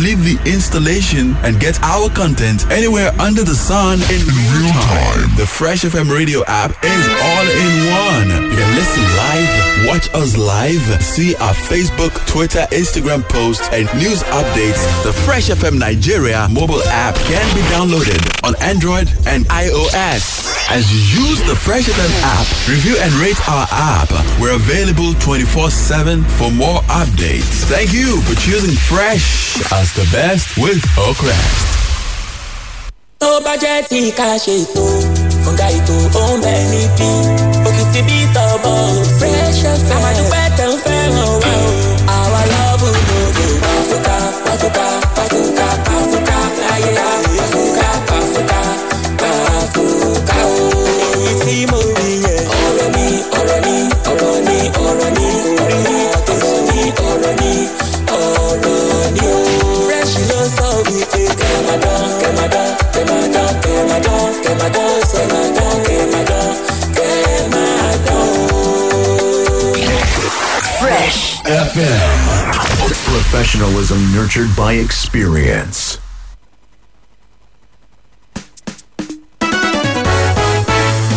leave the installation and get our content anywhere under the sun in real time. The Fresh FM radio app is all in one. You can listen live, watch us live, see our Facebook, Twitter, Instagram posts, and news updates. The Fresh FM Nigeria mobile app can be downloaded on Android and iOS. As you use the Fresh FM app, review and rate our app. We're available 24 7 for more updates. Thank you for choosing Fresh as it's the best with Oakrest. tó bá jẹ́ tí ká ṣe ètò ọ̀gá ètò ó ń bẹ níbí òkìtì bí tọ́bọ̀ fresh fm. àmàdúpẹ́ FM. Professionalism nurtured by experience.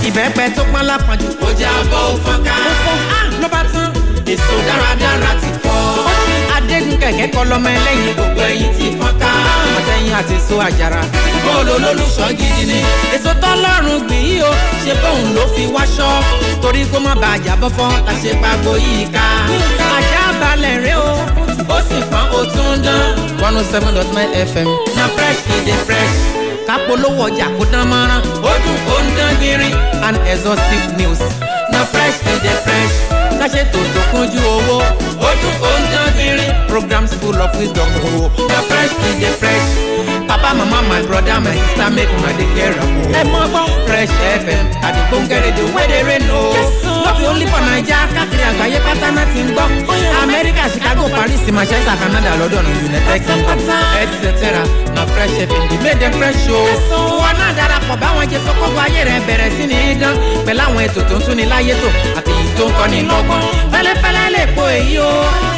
Ìbẹ́pẹ tó pọ́n lápọ̀jù. Ó jẹ́ abọ́ ó fọ́nká. Ó fọ́nká ah, ló bá tán. Èso dáradára ti fọ́. Ó ṣe adégún kẹ̀kẹ́ kọ lọ́mọ ẹlẹ́yin. Gbogbo ẹyin ti fọ́nká. Àtẹ̀yìn àti èso àjàrà. Bọ́ọ̀lù olólùṣọ́ gidi ni. Èso tọ́lọ́run gbìn yìí o, ṣe bóun ló fi wáṣọ. Torí kó má bàa jábọ́ fọ́, la yìí ká. Yìí ká lẹ́rìn o ó sì pọ́n ó tún dán. one oh seven dot nine fm na fresh e dey fresh. kápolówó ọjà kó dán mọ́rán ó dùn ó ń dán gírí and exhaustive news na fresh e dey fresh. káṣe tòótọ́ kúnjú owó ó dùn ó ń dán gírí programs full of wisdom o oh. na fresh e dey fresh mama my brother my sister make una dey care am o. Oh. ẹ mọ gbọ́n fresh fm àdìgbòǹgẹ̀rẹ̀ dey wey dey rain o. lọ́bì only for naija káàkiri àgbáyé pátá náà ti ń gbọ́. amẹ́ríkà chicago paris manchester canada london united kingdom etc na fresh fm dey made them fresh o. Oh. wọn náà darapọ̀ báwọn jẹ sọ́kọ́gbọ́ ayé rẹ̀ bẹ̀rẹ̀ sí ní dán pẹ̀lú àwọn ètò tó ń tún ni láyé tò àti èyí tó ń kọ́ ni lọ́gbọ́n fẹ́lẹ́fẹ́lẹ́ lè po èyí o. Oh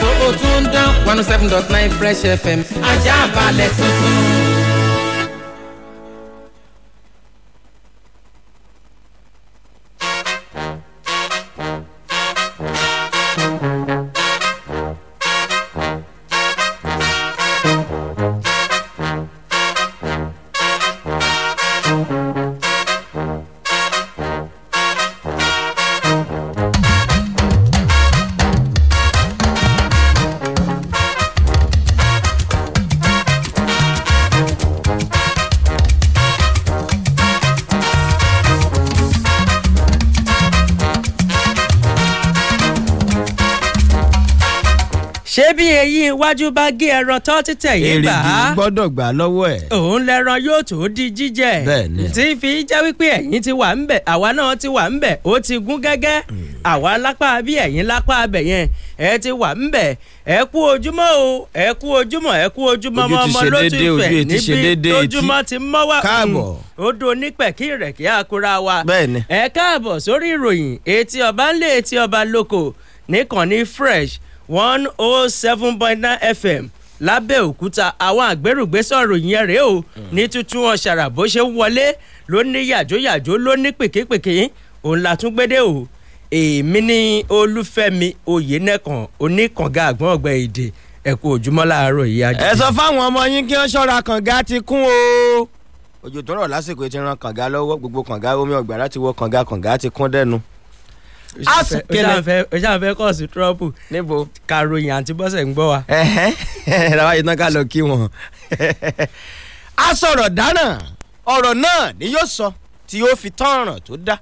tó o tún dán one oh seven dot nine fresh fm ajá balẹ̀ tuntun. bájú bá gé ẹran tó títẹ̀ yìí gbà á èrìgì gbọ́dọ̀ gbà lọ́wọ́ ẹ̀. òun lẹran yóò tó di jíjẹ tí fi jẹ́ wípé ẹ̀yin ti wà ń bẹ̀ àwa náà ti wà ń bẹ̀ ó ti gún gẹ́gẹ́ hmm. àwa lápá bí ẹ̀yin lápá abẹ̀ yẹn ẹ ti wà ń bẹ̀ ẹ kú ojúmọ́ o ẹ kú ojúmọ́ ẹ kú ojúmọ́ ọmọ ọmọ ló ti fẹ̀ níbi ojúmọ́ ti mọ́ wá káàbọ̀ hmm. odò onípẹ̀kí rẹ̀ kí á kúra wa ẹ káàbọ̀ sórí ìròyìn etí ọba ńlẹ̀ etí ọba lóko nìkan ní fresh one oh seven point nine fm lábẹ́òkúta àwọn àgbérùgbésọ̀ ròyìn ẹ̀ rèé o hmm. ní tuntun ọ̀ṣàrà bó ṣe wọlé ló ní yàjóyàjó ló ní pèképèké òun la tún gbédè o èmi ní olúfẹ́mi oyènẹ́kan oníkànga àgbọ̀n ọ̀gbẹ́ èdè ẹ kú ojúmọ́ láàárọ̀ yìí ajé. ẹ sọ fáwọn ọmọ yín kí wọ́n ṣọ́ra kànga ti kún o. òjò tó rọ̀ lásìkò ti ran kànga lọ́wọ́ gbogbo kànga omi ọ̀gbàrá ti wọ kànga kànga ti kún dẹ́nu asukele o ṣáà fẹ́ kọ́ sí trọ́pù níbo karoyin àti bọ́sẹ̀ ń gbọ́ wa. làwọn yìí náà ká lọ kí wọn. a sọ̀rọ̀ dáná ọ̀rọ̀ náà ni yóò sọ tí yóò fi tán ọ̀ràn tó dá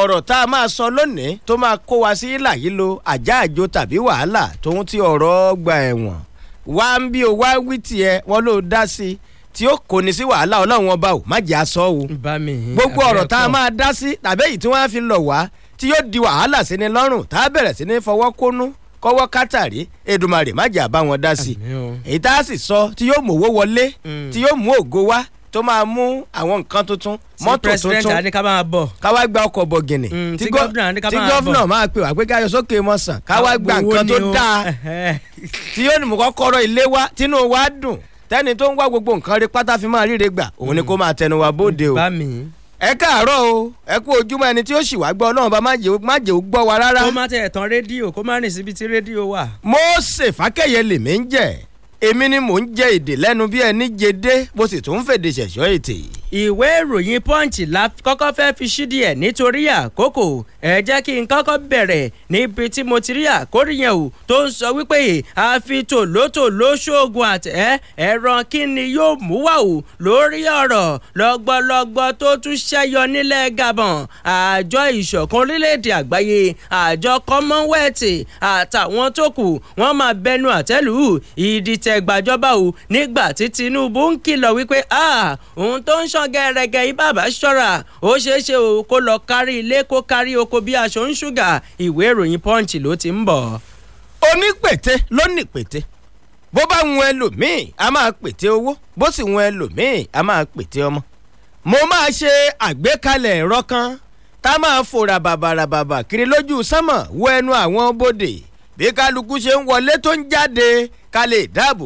ọ̀rọ̀ tá a máa sọ lónìí tó máa kó wa sí ìlà yìí lo àjá àjò tàbí wàhálà tóun ti ọ̀rọ̀ gba ẹ̀wọ̀n wá ń bí o wá wí tiẹ̀ wọ́n ló dá sí i tí ó kò ní sí wàhálà ọlọ́run ọba ò má jẹ́ aṣọ o gbogbo ọ̀rọ̀ tá a máa dá sí tàbí èyí tí wọ́n á fi lọ̀ wá tí yóò di wàhálà sí ni lọ́rùn tá a bẹ̀rẹ̀ sí ni fọwọ́ kónú kọ́wọ́ kátàrí Èdùmàrè májà bá wọn dá sí i èyí tá a sì sọ tí yóò mú owó wọlé hmm. tí yóò mú ògo wá tó máa mú àwọn nǹkan tuntun mọ́tò tuntun ká wá gba ọkọ̀ bọ̀gìnì hmm, tí gọ́fìnà máa pè wá pé ká yọ sókè mọ̀sán ká wá gba nǹkan tó dáa tí yóò mú kọ́kọ́rọ́ ilé wa tínú wa dùn tẹ́ni tó ń wá gbogbo nǹkan rí pátá fi máa ríre gbà òun ni hmm. kó máa tẹnu wa bóde o ẹ káàárọ̀ o ẹ kú ojúmọ́ ẹni tí ó sì wá gbọ́ Ọlọ́run bá má jẹ́ ó gbọ́ wa rárá. kó má tẹ ẹ̀tàn rédíò kó má rìn síbi tí rédíò wà. Mósè Fákẹ́yẹ lèmi ń jẹ́ èmi ni mò ń jẹ èdè lẹ́nu bí ẹni jẹ dé bó sì tún ń fèdè ṣẹ̀ṣọ́ ètè ìwé ìròyìn punch la kọ́kọ́ fẹ́ fi ṣídìí ẹ̀ nítorí àkókò ẹ jẹ́ kí n kọ́kọ́ bẹ̀rẹ̀ níbi tí mo ti rí àkórí yẹn o tó ń sọ wípé àfi tòlótòló ṣoògùn àtẹ ẹran kí ni yóò mú wà o lórí ọ̀rọ̀ lọ́gbọ́lọ́gbọ́ tó tún ṣẹ́yọ nílẹ̀ gabon àjọ ìṣọ̀kan orílẹ̀-èdè àgbáyé àjọ commonwealth àtàwọn tó kù wọ́n máa bẹnu àtẹ́lù ìdìtẹ̀gbàjọba o nígbà tí tinubu ń kìlọ̀ wípé ah òun tó ń ṣ ṣán gẹ́rẹ́gẹ́ ibàbá ṣọ́ra ó ṣeé ṣe o kó lọ kárí ilé kó kárí oko bí aṣọ ń ṣúgà ìwé ìròyìn punch ló ti ń bọ̀. onípète ló ní pète bó bá ń wọn ẹlòmíì a máa pète owó bó sì ń wọn ẹlòmíì a máa pète ọmọ. mo máa ṣe àgbékalẹ̀ ẹ̀rọ kan tá a máa fòrà bàbàràbàbà kiri lójú sánmọ̀ wọ ẹnu àwọn bodè bí kálukú ṣe ń wọlé tó ń jáde ká lè dáàbò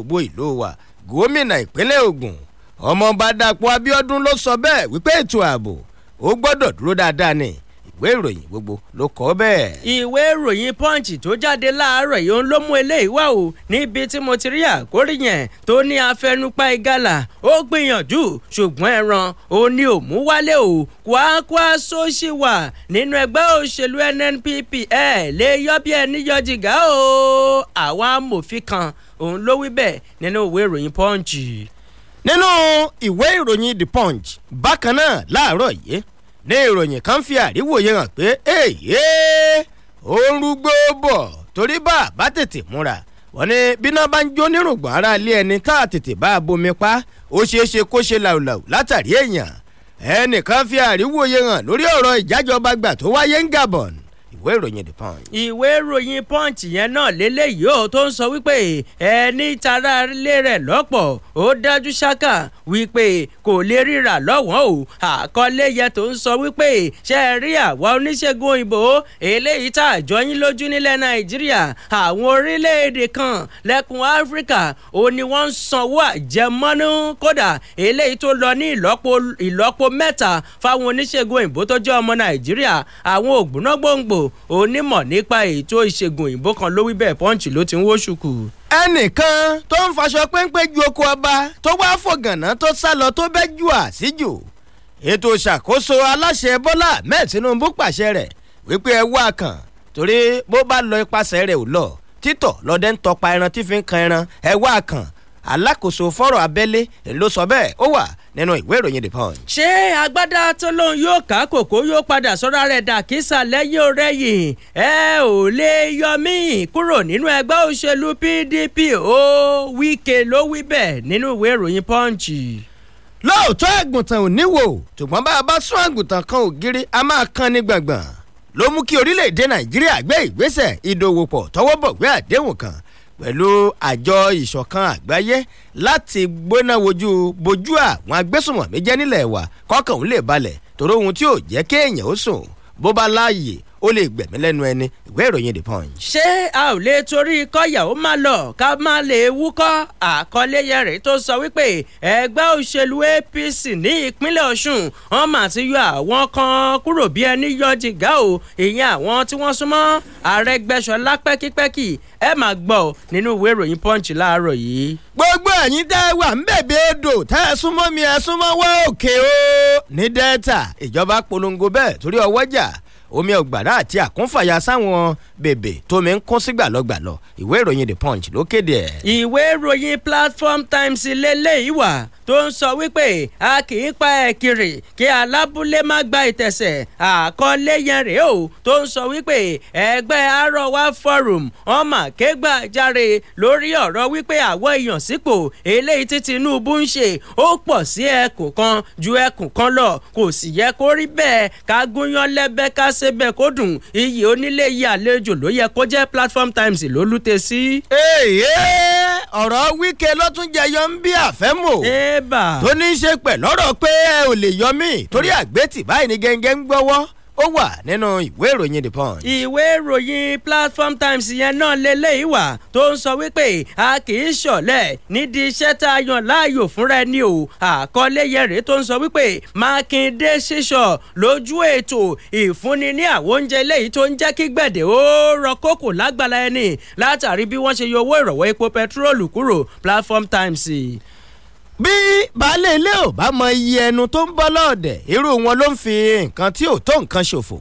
ọmọọba dàpọ̀ abíọ́dún ló sọ bẹ́ẹ̀ wípé ètò ààbò ó gbọ́dọ̀ dúró dáadáa ni ìwé ìròyìn gbogbo ló kọ bẹ́ẹ̀. ìwé ìròyìn punch tó jáde láàárọ̀ yìí ló mú eléyìí wá o níbi tí mo ti rí àkórí yẹn tó ní afẹnupa ìgalà ó gbìyànjú ṣùgbọ́n ẹran ó ní òmú wálé o Kwankwaso ṣì wà nínú ẹgbẹ́ òṣèlú NNPP ẹ̀ lè yọ bí ẹni yọ jìgá o àwọn amòfin kan òun ló wí bẹ́ẹ̀ nínú ìwé ìròyìn punch nínú ìwé ìròyìn the punch bákan náà láàárọ̀ yìí ní ìròyìn kan fi àríwòye hàn pé èyí ó ń rúgbó bọ̀ torí bá a bá tètè múra wọ́n ní bíná bá ń jó nírùngbọ̀n ara ilé ẹni tá a tètè bá a bomi pa ó ṣeé ṣe kó ṣe làwùlàwù látàrí èèyàn ẹnìkan fi àríwòye hàn lórí ọ̀rọ̀ ìjájọba gbà tó wáyé ń Gabon ìwé ìròyìn the punch. ìwé ìròyìn punch yẹn náà lélẹ́yìí ó tó ń sọ wípé ẹni tara lé rẹ̀ lọ́pọ̀ ó dájú ṣáká wípé kò lè ríra lọ́wọ́n o àkọlé yẹn tó ń sọ wípé ṣe é rí àwa oníṣègùn òyìnbó eléyìí tá àjọ yín lójú nílẹ̀ nàìjíríà àwọn orílẹ̀-èdè kan lẹ́kùn áfíríkà ó ní wọ́n ń sanwó àjẹmọ́nú kódà eléyìí tó lọ ní ìlọ́po mẹ́ta fáwọn oníṣègùn òyìnbó tó jẹ́ ọmọ nàìjíríà àwọn ògbónágbòǹgbò onímọ̀ nípa ètò ìṣègùn òyìnbó kan ló wí bẹ́ẹ̀ pọ́ǹchì ló ti ń wóṣùkù ẹnìkan tó ń faṣọ péńpé ju oko ọba tó wá fògànà tó sá lọ tó bẹ́ jù àsíjù ètò ìṣàkóso aláṣẹ bọ́lá ahmed tinubu pàṣẹ rẹ̀ wípé ẹ wá kàn torí bó bá lọ ipasẹ̀ rẹ̀ ò lọ títọ̀ lọ́dẹ ń tọpa ẹran tí fi ń kan ẹran ẹ wá kàn alákòóso fọ́rọ̀ abẹ́lé ló sọ bẹ́ẹ̀ ó wà nínú ìwé ìròyìn the punch. ṣé agbada tó lóun yóò ká kòkó yóò padà sọ́ra rẹ̀ dà kísà lẹ́yìn ọ̀rẹ́yìn ẹ ò lè yọ mí kúrò nínú ẹgbẹ́ òṣèlú PDP ó Wike ló wí bẹ́ẹ̀ nínú ìwé ìròyìn punch lóòótọ́ àgùntàn ò níwò ṣùgbọ́n bá a bá sún àgùntàn kan ògiri a máa kan ní gbàngbàn ló mú kí orílẹ̀-èdè nàìjíríà gbé ìgbésẹ̀ ìdòwòpọ̀ tọwọ́ bọ̀wé àdéhùn kan pẹ̀lú àjọ ìṣọ̀kan àgbáyé láti gbóná wojú bojú àwọn agbésùnmọ̀mí jẹ́ nílẹ̀ wa kọ́kàn òun lè balẹ̀ torí ohun tí ò jẹ́ kéèyàn ó sùn bó bá láàyè ó lè gbẹ̀mí lẹ́nu ẹni ìwé ìròyìn the punch. ṣé a ò lè torí kọ́yà ó má lọ ká má lè wúkọ́ àkọlé yẹn rèé tó sọ wípé ẹgbẹ́ òṣèlú APC ní ìpínlẹ̀ Ọ̀ṣun wọn mà ti yọ àwọn kan kúrò bí ẹni yọ jìgá o ìyẹn àwọn tí wọ́n súnmọ́ Arẹ́gbẹ́ṣọlá pẹ́kípẹ́kí ẹ máa gbọ́ nínú ìwé ìròyìn punch láàárọ̀ yìí. gbogbo ẹ̀yin tẹ́ wà ń bèbè èdò tẹ́ ẹ súnmọ́ mi ẹ súnmọ́ wá òkè o ní delta ìjọba polongo bẹ́ẹ̀ torí ọwọ́jà omi ọ̀gbàrá àti àkúnfàyà sáwọn bèbè tómi ń kún sígbàlọ́gbàlọ́ ìwé ìròyìn the punch ló kéde ẹ̀. ìwé ìròyìn platform times lélẹ́yìí wà tó ń sọ wípé a kì í pa ẹ̀ kiri kí alábúlé má gba ìtẹ̀sẹ̀ àkọlé yẹn rèé o tó ń sọ wípé ẹgbẹ́ arọwà forum ọmọ kégbàjarè lórí ọ̀rọ̀ wípé àwọn èèyàn sípò eléyìí tí Tinubu ń ṣe ó pọ̀ sí ẹkùn kan ju ẹkùn kan lọ kò sì yẹ kó rí bẹ́ẹ̀ ká gúnyán lẹ́bẹ́ ká ṣe bẹ́ẹ̀ kó dùn iyì onílé iyì àlejò ló yẹ kó jẹ́ platform times ló lúte sí. ọ̀rọ̀ wíkẹ́ ló tún jẹyọ ń bí àfẹ́mò tó ní í ṣe pẹ̀lọ́rọ̀ pé ẹ ò lè yọ mí torí àgbẹ̀tì báyìí ni gẹ́gẹ́ ń gbọ́wọ́ ó wà nínú ìwé ìròyìn the punch. ìwé ìròyìn platform times yẹn náà lélẹ́yìí wà tó ń sọ wípé a kì í ṣọ̀lẹ̀ nídìí iṣẹ́ tá a yàn láàyò fúnra ẹni o àkọlé yẹn rèé tó ń sọ wípé mákindé ṣíṣọ lójú ètò ìfúnni ní àwọn oúnjẹ eléyìí tó ń jẹ́ kí gbẹ̀dẹ̀ ó rọ kókò lágbàlá ẹni látàrí bí wọ́n ṣe yọ owó ìrọ̀wọ́ epo pẹtiróòlù kúrò platform times bí baálé ilé ò bá mọ iye ẹnu tó ń bọ́ lọ́ọ̀dẹ̀ irú wọn ló ń fi nǹkan tí ò tó nǹkan ṣòfò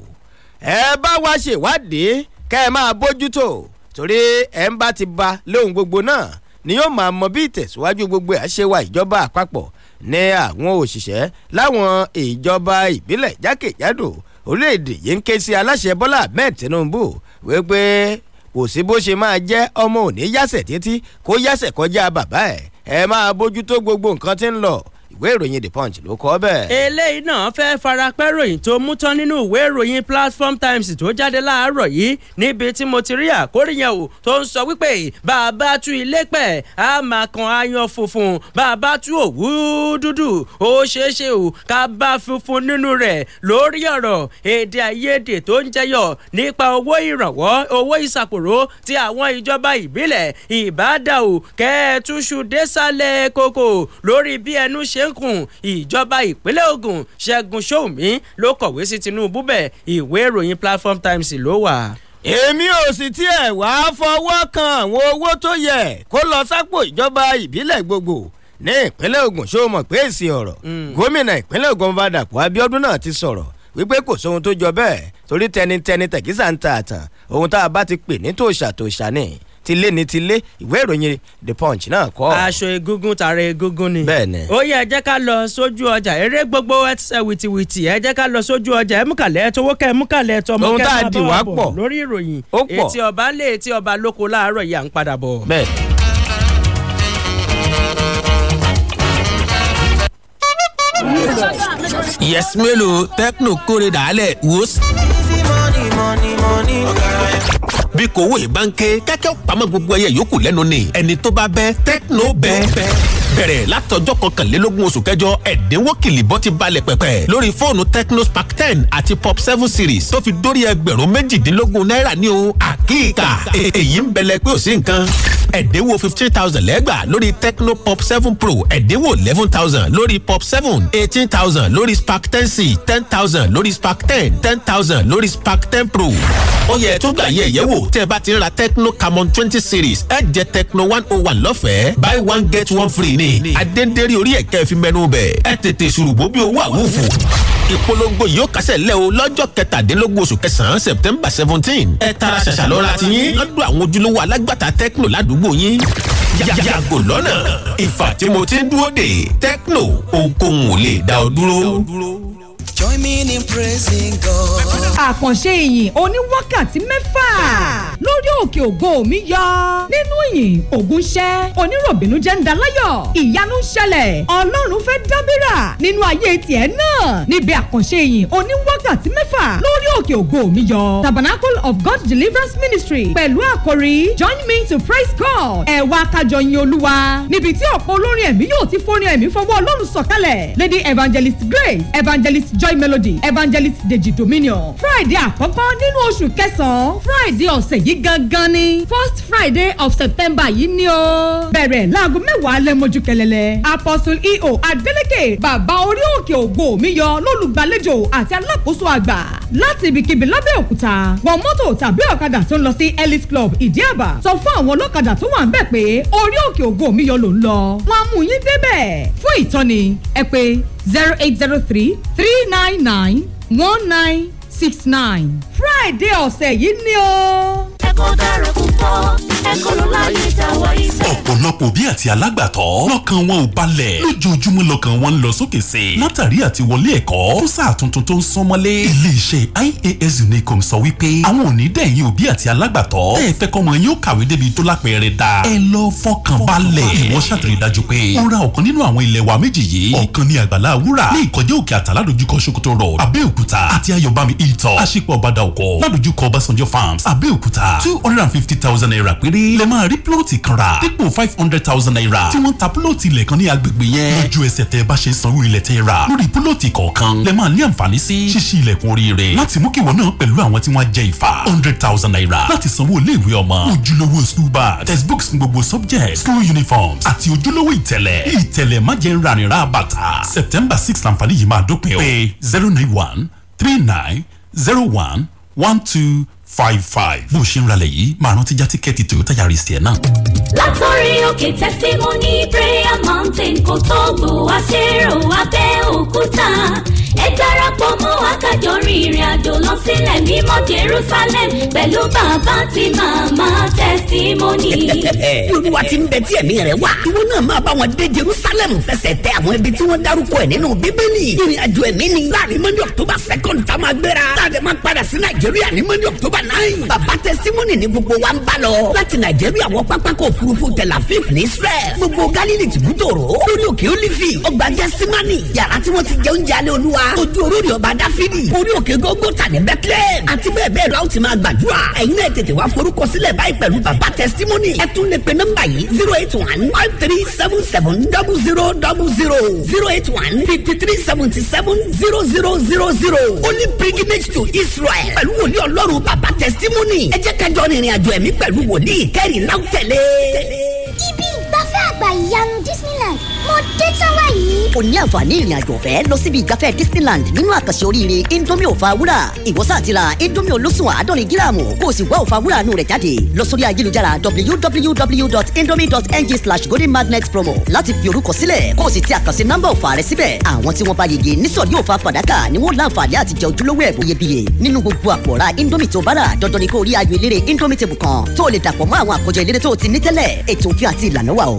ẹ bá wa ṣèwádìí kẹ́ ẹ máa bójútó torí ẹ ń bá ti ba lóhun gbogbo náà ni yóò máa mọ bí ìtẹ̀síwájú gbogbo ẹ̀ ṣe wà ìjọba àpapọ̀ ní àwọn òṣìṣẹ́ láwọn ìjọba ìbílẹ̀ jákèjádò orílẹ̀-èdè yìí ń ké sí aláṣẹ Bọ́lá Ahmed Tinubu wípé kò sí bó ṣe máa jẹ́ ọmọ òní yásẹ̀ títí kó yásẹ̀ kọjá bàbá ẹ̀ ẹ máa bójútó gbogbo nǹkan tí ń lọ ìwé ìròyìn the punch ló kọ bẹ́ẹ̀. eléyìí náà fẹ́ farapẹ́ ròyìn tó mú tán nínú ìwé ìròyìn platform times tó jáde láàárọ̀ yìí níbi tí mo ti rí àkórí yẹn o tó ń sọ wípé bàbá tú ilé pẹ̀ á máa kan ayan funfun bàbá tú òwú dúdú ó ṣeé ṣe o ká bá funfun nínú rẹ̀ lórí ọ̀rọ̀ èdè àìyedè tó ń jẹyọ nípa owó ìrànwọ́ owó ìsàkòrò ti àwọn ìjọba ìbílẹ̀ ìbádà o kẹ́ẹ̀túnṣu désàlẹ̀ koko. lórí bí ẹnu ṣe àmọ̀tẹ́kùn ìjọba ìpínlẹ̀ Ògùn Ṣẹ́gun Ṣóùmí ló kọ̀wé sí Tinubu bẹ̀ ìwé ìròyìn Platform Times ló wà èmi ò sì tiẹ̀ wá fọwọ́ kan àwọn owó tó yẹ kó lọ sápò ìjọba ìbílẹ̀ gbogbo ní ìpínlẹ̀ Ògùn ṣó mọ̀ pé èsì ọ̀rọ̀ hmm. gómìnà ìpínlẹ̀ Ògùn ọba Dàpọ̀ náà ti sọ̀rọ̀ wípé kò sóhun tó jọ bẹ́ẹ̀ torí tẹnitẹni tẹ̀kísà ń ta àtàn ohun tá a bá ti pè ní tòṣà tòṣà ni tilé ní tilé ìwé ìròyìn the punch náà kọ́. aṣọ egungun tààrà egungun ni. bẹ́ẹ̀ni. ó yẹ ẹ jẹ́ ká lọ sójú ọjà eré gbogbo ẹsẹ̀ wìtìwìtì ẹ jẹ́ ká lọ sójú ọjà ẹ múkàlẹ́ tówó kẹ́ múkàlẹ́ tọmọ kẹ́ máa bọ̀ wá bọ̀ lórí ìròyìn etí ọba lé etí ọba lóko láàárọ̀ yìí à ń padà bọ̀. bẹ́ẹ̀ni. yes mélòó tẹkno kórè dàálẹ̀ wòs money, money, money. Okay. bí kò wé bánkẹ́ kẹ́kẹ́ pamọ́ gbogbo ẹyẹ yòókù lẹ́nu ni ẹni tó bá bẹ́ tẹ́kínó bẹ́ bẹ̀rẹ̀ látọjọ́ kọkànlélógún oṣù kẹjọ ẹ̀dínwó kìlìbọ́ ti balẹ̀ pẹ̀pẹ̀ lórí fóònù tecno spark ten àti pop seven series tó fi dórí ẹgbẹ̀rún méjìdínlógún náírà ní o àkíkà èyí ń bẹ̀lẹ̀ pé ò sí nǹkan ẹ̀dínwó fifteen thousand lẹ́gbà lórí tecno pop seven pro ẹ̀dínwó eleven thousand lórí pop seven eighteen thousand lórí spark ten c ten thousand lórí spark ten ten thousand lórí series pack ten pro ó yẹ tó gbà yẹ ìyẹ́wò tẹ́ ẹ bá ti ra tecno camon twenty series ẹ jẹ tecno one oh one lọ́fẹ̀ẹ́ buy one get one free ni adédèrè orí ẹ̀kẹ́ fi mẹ́nu bẹ̀ ẹ tètè ṣùrùbọ́ bí owó àwùfù ìpolongo yìí ó kásẹ̀ lẹ́ o lọ́jọ́ kẹtàdínlógún oṣù kẹsàn-án september seventeen ẹ tara ṣàṣà lọ́ra ti yín lọ́dọ̀ àwọn ojúlówó alágbàtà tecno ládùúgbò yín yàgò lọ́nà ìfà tí mo ti ń dúró dè tecno ohunkóhun ò lè dá ọ dúró. Join me in praising God. Àkànṣe ìyìn oní wákàtí mẹ́fà òkè ògo mi yọ nínú ìyìn ògùn ṣẹ́ onírọ̀bìnú jẹ́ ń daláyọ̀ ìyanu ń ṣẹlẹ̀ ọlọ́run fẹ́ dábìrà nínú ayé tiẹ̀ náà níbi àkànṣe ìyìn oníwákàtí mẹ́fà lórí òkè ògo mi yọ tabernacle of God deliverance ministry pẹ̀lú àkòrí join me to praise God ẹ wá ká jọ yin olúwa níbi tí ọ̀pọ̀ olórin ẹ̀mí yóò ti fórin ẹ̀mí fọwọ́ ọlọ́run sọ̀kalẹ̀ lady evangelist grace evangelist joy melody evangelist deji dominion friday àkọ́kọ́ nínú oṣù kẹsàn-án friday ọ̀sẹ̀ yìí gangan gan ni first friday of september yìí ni o. bẹ̀rẹ̀ láago mẹ́wàá lẹ́ mọ́jú kẹlẹ́lẹ́ apostle eo adeleke bàbá orí òkè ògo mi yọ lólùgbàlejò àti alákòóso àgbà láti ibikíbi lábẹ́òkúta wọ mọ́tò tàbí ọ̀kadà tó ń lọ sí elite club ìdíàbà sọ fún àwọn ọlọ́kadà tó wà ń bẹ̀ pé orí òkè ògo mi yọ ló ń lọ wọn mú yín débẹ̀ fún ìtọ́ni ẹ pé zero eight zero three three nine nine one nine six nine friday ọ̀sẹ̀ yìí ni o. ẹ̀kọ́ dára púpọ̀ ẹ̀kọ́ ló láyé ìtawọ̀ ìfẹ́. ọ̀pọ̀lọpọ̀ òbí àti alágbàtọ́ lọ́kàn wọn ò balẹ̀ lójoojúmọ́ lọ́kàn wọn ń lọ sókè sí i látàrí àti wọlé ẹ̀kọ́ fún sáà tuntun tó ń sánmọ́lé. iléeṣẹ́ ias unicom sọ wípé àwọn òní dẹ̀yìn òbí àti alágbàtọ́ ẹ fẹ́ yóò kàwé débi tó lápẹẹrẹ da ẹ lọ fọkàn balẹ̀. wọ́n ṣàtúnyẹ̀ dájú pé ó ra ọ̀kan nínú àwọn ilẹ̀ wa méjì yìí ọ̀kan ní àgbàlá wúrà ní ìkọjẹ́ òkè àtàládójúkọ sokoto road abẹ́òkúta àti ayọ̀bámi ìtọ̀ àṣepọ̀ ọkọ̀ ládojúkọ Ọbásanjọ́ farms Abẹ́òkúta two hundred and fifty thousand naira péré lè máa rí plọ́ọ̀tì kan rà dípò five hundred thousand naira tí wọ́n ta plọ́ọ̀tì ilẹ̀ kan ní agbègbè yẹn lójú ẹsẹ̀ tẹ́ bá ṣe sanwó ilẹ̀ tẹ́ rà lórí plọ́ọ̀tì kọ̀ọ̀kan lè máa ní àǹfààní sí ṣíṣí ilẹ̀kùn oríire láti mú kíwọ náà pẹ̀lú àwọn tí wọ́n jẹ ìfà hundred thousand naira láti sanwó iléèwé ọmọ ojúlówó school bag textbooks gbogbo subject school uniforms àti ojúlówó ìtẹ̀lẹ̀ ìtẹ̀lẹ̀ májẹ̀ ń ranira bàtà September six làǹfààní yìí máa dópin o pé zero nine one three nine zero one one two five five. bó o ṣe ń ralẹ̀ yìí máa rántí já tíkẹ́ẹ̀tì toyota yaris tiẹ̀ náà. látọ̀rí òkè testimony prayer mountain kò tó gbò wá ṣèrò Abẹ́òkúta ẹ darapọ̀ mọ́ wa rin ìrìn àjò lọ sílẹ̀ mímọ́ Jerusalem pẹ̀lú bàbá àti màmá testimony. olúwa ti ń bẹ tí ẹ̀mí rẹ̀ wá. ìwọ náà máa bá wọn dé Jerusalem fẹsẹ̀ tẹ àwọn ibi tí wọ́n dárúkọ ẹ̀ nínú bíbélì. ìrìn àjò ẹ̀mí ni láàrin monday october second tá a máa gbéra. láàrin máa padà sí Nàìjíríà ní monday october nine. bàbá tẹsímọ́nì ni gbogbo wa ń bá lọ. láti nàìjíríà wọ pápákọ̀ òfurufú tel aviv ní israel. gbogbo galilei ti gbúdòrò. lórí òkè olivi ọgbà gẹ́símánì. yàrá tí wọ́n ti jẹ oúnjẹ alẹ́ olúwa. ojú orórì ọba dáfídì. orí òkè gógóta ní bethlehem. àti bẹ́ẹ̀ bẹ́ẹ̀ lọ àwùjọ máa gbàdúrà. ẹ̀yin náà tètè wá forúkọ sílẹ̀ báyìí pẹ̀lú bàbá tẹsímọ́nì. ẹ tún lè pe nọ́mbà yìí zero eight one five three seven seven double zero double zero zero eight one fifty three seventy seven zero zero zero zero. only pilgrimage to israel. pẹ̀lú wòlíọ̀ lọ́rùn bàb bàbá testimony ẹ jẹ́ kájọ rìnrìn àjò ẹ̀mí pẹ̀lú wòlíì kẹ́rì ibi ìgbafẹ́ àgbà ìyanu Disney ọmọdé sára yìí. o ní àǹfààní ìrìn ọ̀fẹ́ lọ síbi ìgbafẹ́ Disneyland nínú àkànṣe oríire indomie òfa wúrà ìwọ́sà àti ra indomie olóṣùn àádọ́rin gíráàmù kó o sì wá òfa wúrà nù rẹ̀ jáde lọ sórí ayélujára www.indomie.ng/goldenmagnetpromo láti fi orúkọ sílẹ̀ kó o sì ti àkànṣe nọ́mbà òfa rẹ̀ síbẹ̀ àwọn tí wọ́n bá yege nísọ̀rí òfa fàdákà ni wọ́n láǹfààní àti jẹ ojúlówó ẹ̀bùn iyebíye nínú gbogbo àpòrá ni kó o rí ayò eléré indomie table kan tó o lè dàpọ̀ o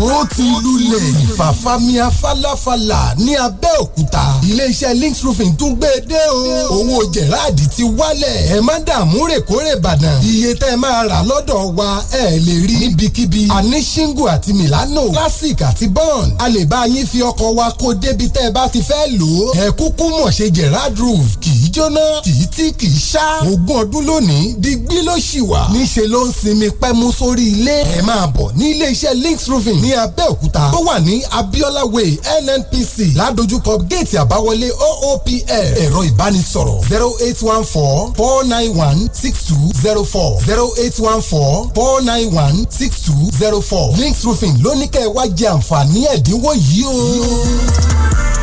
ó ti lulẹ̀ ìfàfàmìà falafala ní abẹ́òkúta iléeṣẹ́ links roofing tún gbé e dé o owó jẹ̀ráàdì ti wálẹ̀ ẹ má dààmú rèkórè ìbàdàn iye tẹ́ ẹ máa rà lọ́dọ̀ wa ẹ lè rí níbikíbi àní shingle àti milano classic àti bond a lè bá yín fi ọkọ̀ wa kó débi tẹ́ ẹ bá ti fẹ́ lò ó ẹ kúkú mọ̀ ṣe gerard roof kì í jóná kì í tí kì í ṣá ogún ọdún lónìí digbí ló ṣì wà níṣẹ́ ló ń sinmi pẹ́mú sórí ilé ẹ̀ máa bọ̀ ní iléeṣẹ́ links roofing ní abẹ́òkúta tó wà ní abiola way nnpc ládojúkọ géètì àbáwọlé oopl ẹ̀rọ ìbánisọ̀rọ̀ zero eight one four four nine one six two zero four zero eight one four four nine one six two zero four links roofing ló ní kẹ́ ẹ wá jẹ àǹfààní ẹ̀dínwó yìí o.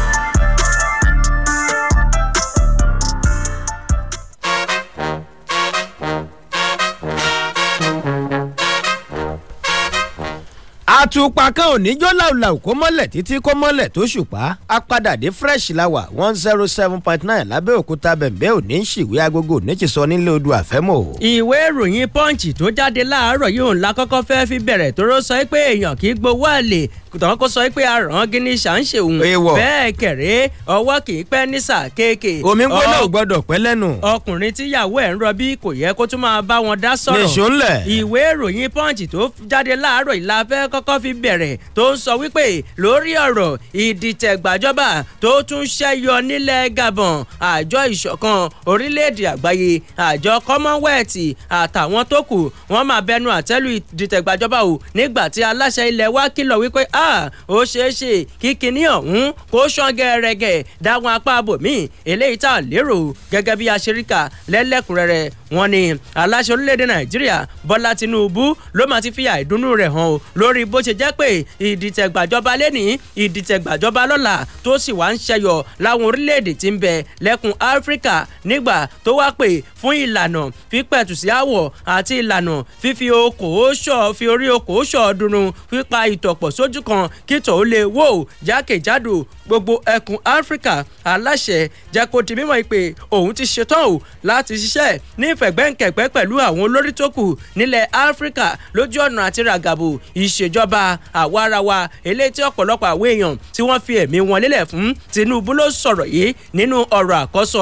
àtùpà kan ò ní jó làwùlàwù kó mọ́lẹ̀ títí kó mọ́lẹ̀ tó ṣùpá apádàdé fresh lawa one zero seven point nine lábẹ́òkúta bẹ̀m̀bẹ́ ò ní ṣìwé agogo ní ti sọ nílé odò àfẹ́mọ̀. ìwé ìròyìn punch tó jáde láàárọ̀ yóò ńlá kọ́kọ́ fẹ́ fi bẹ̀rẹ̀ tóró sọ pé èèyàn kì í gbowó àlè tọ́wọ́n kó sọ pé àrùn gíní ṣàǹṣe òun bẹ́ẹ̀ kẹ̀rẹ́ ọwọ́ kì í pẹ́ ní sàkéèké. omi gbóná ò gbọdọ̀ pẹ́ lẹ́nu. ọkùnrin tíyàwó ẹ̀ ń rọbí kò yẹ kó tún máa bá wọn dá sọ̀rọ̀. nìṣó ńlẹ̀. ìwé ìròyìn punch tó jáde láàárọ̀ ìlà fẹ́ kọ́kọ́ kọ́kọ́ fi bẹ̀rẹ̀ tó ń sọ wípé lórí ọ̀rọ̀ ìdìtẹ̀gbàjọba tó tún ṣẹ́yọ nílẹ̀ Gabon àjọ ìṣọ̀kan orílẹ̀-èdè àgbáyé àjọ Commonwealth àtàwọn tó kù wọ́n máa bẹnu àtẹ́lù ìdìtẹ̀gbàjọba o nígbà tí aláṣẹ ilẹ̀ wa kìlọ̀ wípé a ó ṣeé ṣe kí kinní ọ̀hún kó ṣan gẹ́rẹ́gẹ́ dáwọn apá abòmíì eléyìí tá a lérò gẹ́gẹ́ bí aṣeríkà lẹ́lẹ́kùnrẹ́rẹ́ wọ́n ní aláṣẹ orílẹ̀-èdè Nàìjíríà Bọ́lá Tinubu ló máa ti fi àìdùnnú rẹ̀ hàn o lórí bó ṣe jẹ́ pé ìdìtẹ̀gbàjọba lẹ́nìí ìdìtẹ̀gbàjọba lọ́la tó sì wá ń ṣẹyọ láwọn orílẹ̀-èdè tí ń bẹ lẹ́kùn áfíríkà nígbà tó wá pè fún ìlànà pípẹ̀tù sí àwọ̀ àti ìlànà fífi okòóṣọ̀ fi orí okòóṣọ̀ dunun pípa ìtọ̀pọ̀ sójú kan kítọ̀ ó lè wò jákèjádò gbogbo ẹkùn áfíríkà aláṣẹ jẹ́ kó di mímọ̀ pé òun ti ṣetán o láti ṣiṣẹ́ ní ìfẹ̀gbẹ́ǹkẹ̀gbẹ́ àwọn olórí tó kù nílẹ̀ áfíríkà lójú ọ̀nà àti ràgàbò ìṣèjọba ìjọba àwa ara wa eléyìí tí ọ̀pọ̀lọpọ̀ àwọn èèyàn tí wọ́n fi ẹ̀mí wọn lélẹ̀ fún Tinubu ló sọ̀rọ̀ yìí nínú ọ̀rọ̀ àkọ́sọ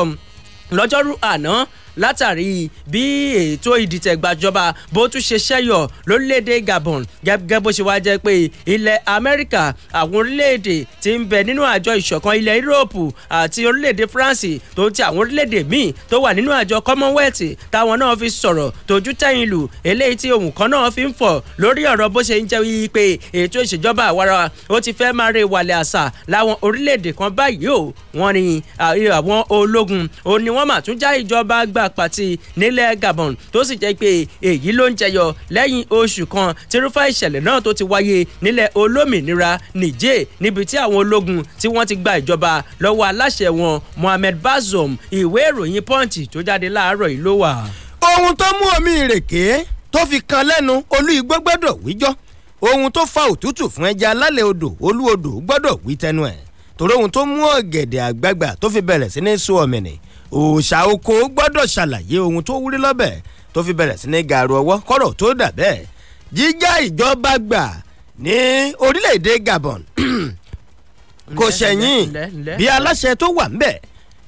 lọ́jọ́rú àná látàrí bí ètò ìdìtẹ̀gbàjọba bó tún ṣe ṣẹ́yọ̀ lórílẹ̀‐èdè Gabon gẹ́gẹ́ bó ṣe wá jẹ́ pé ilẹ̀ Amẹ́ríkà àwọn orílẹ̀‐èdè ti ń bẹ nínú àjọ ìṣọ̀kan ilẹ̀ Europe, àti orílẹ̀‐èdè France tó ti àwọn orílẹ̀‐èdè míì tó wà nínú àjọ Commonwealth táwọn náà fi sọ̀rọ̀ tójú tẹ̀yìn lù eléyìí tí ohun kan náà fi ń fọ̀ lórí ọ̀rọ̀ bó ṣe ń jẹ́ wí pé ètò ìṣèjọba àwarawa ó ti fẹ́ máa re ìwàlẹ̀ àṣà láwọn orílẹ̀-èdè kan báyìí o wọ́n ní àwọn ológun òní wọ́n mà tún já ìjọba gb Labour nílẹ̀ Gabon tó sì jẹ́ pé èyí ló ń jẹyọ lẹ́yìn oṣù kan tírúfà ìṣẹ̀lẹ̀ náà tó ti wáyé nílẹ̀ olómìnira Niger níbi tí àwọn ológun tí wọ́n ti gba ìjọba lọ́wọ́ aláṣẹ wọn Mohammed Bazoum ìwé ìròyìn Punch tó jáde láàárọ̀ yìí ló wà. ohun tó mú omi ìrèké tó fi kan lẹ́nu olú igbó gbọ́dọ̀ wíjọ́ ohun tó fa òtútù fún ẹja alálẹ̀ odò olú odò gbọ́dọ̀ wí tẹnu ẹ̀ torí ohun tó mú ọ̀gẹ̀dẹ̀ àgbààgbà tó fi bẹ̀rẹ̀ sí ní sún ọ̀mìnì òòṣà oko gbọ́dọ̀ ṣàlàyé ohun tó wúrí lọ́bẹ̀ tó fi bẹ̀rẹ̀ sí ní gàrú ọwọ́ kọ́rọ̀ tó dà bẹ́ẹ̀ jíjá ìjọba gbà ní orílẹ̀-èdè Gabon kò ṣẹ̀yìn bí aláṣẹ tó wà ńbẹ̀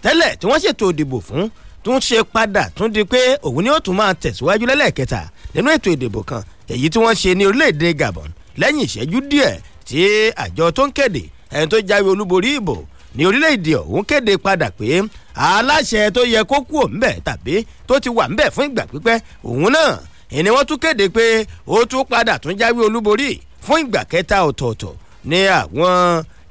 tẹ́lẹ̀ tí wọ́n ṣètò ìdìbò fún tún ṣe padà tún di pé òun ni ó tún máa tẹ̀síwájú lẹ́lẹ́kẹta nínú ètò ìdìbò kan èyí tí wọ́n ṣe ní orílẹ̀-èdè Gabon lẹ́yìn ìṣẹ́jú díẹ̀ tí àjọ tó ń kéde ẹni tó jáwé olúborí ìbò ní orílẹ̀-èdè ọ̀hún kéde padà pé aláṣẹ tó yẹ kó kú òǹbẹ̀ tàbí tó ti wà ńbẹ̀ fún ìgbà pípẹ́ òun náà ìní wọ́n tún kéde pé ó tún padà tún jáwé olúborí fún ìgbà kẹta ọ̀tọ̀ọ̀tọ̀ ní àwọn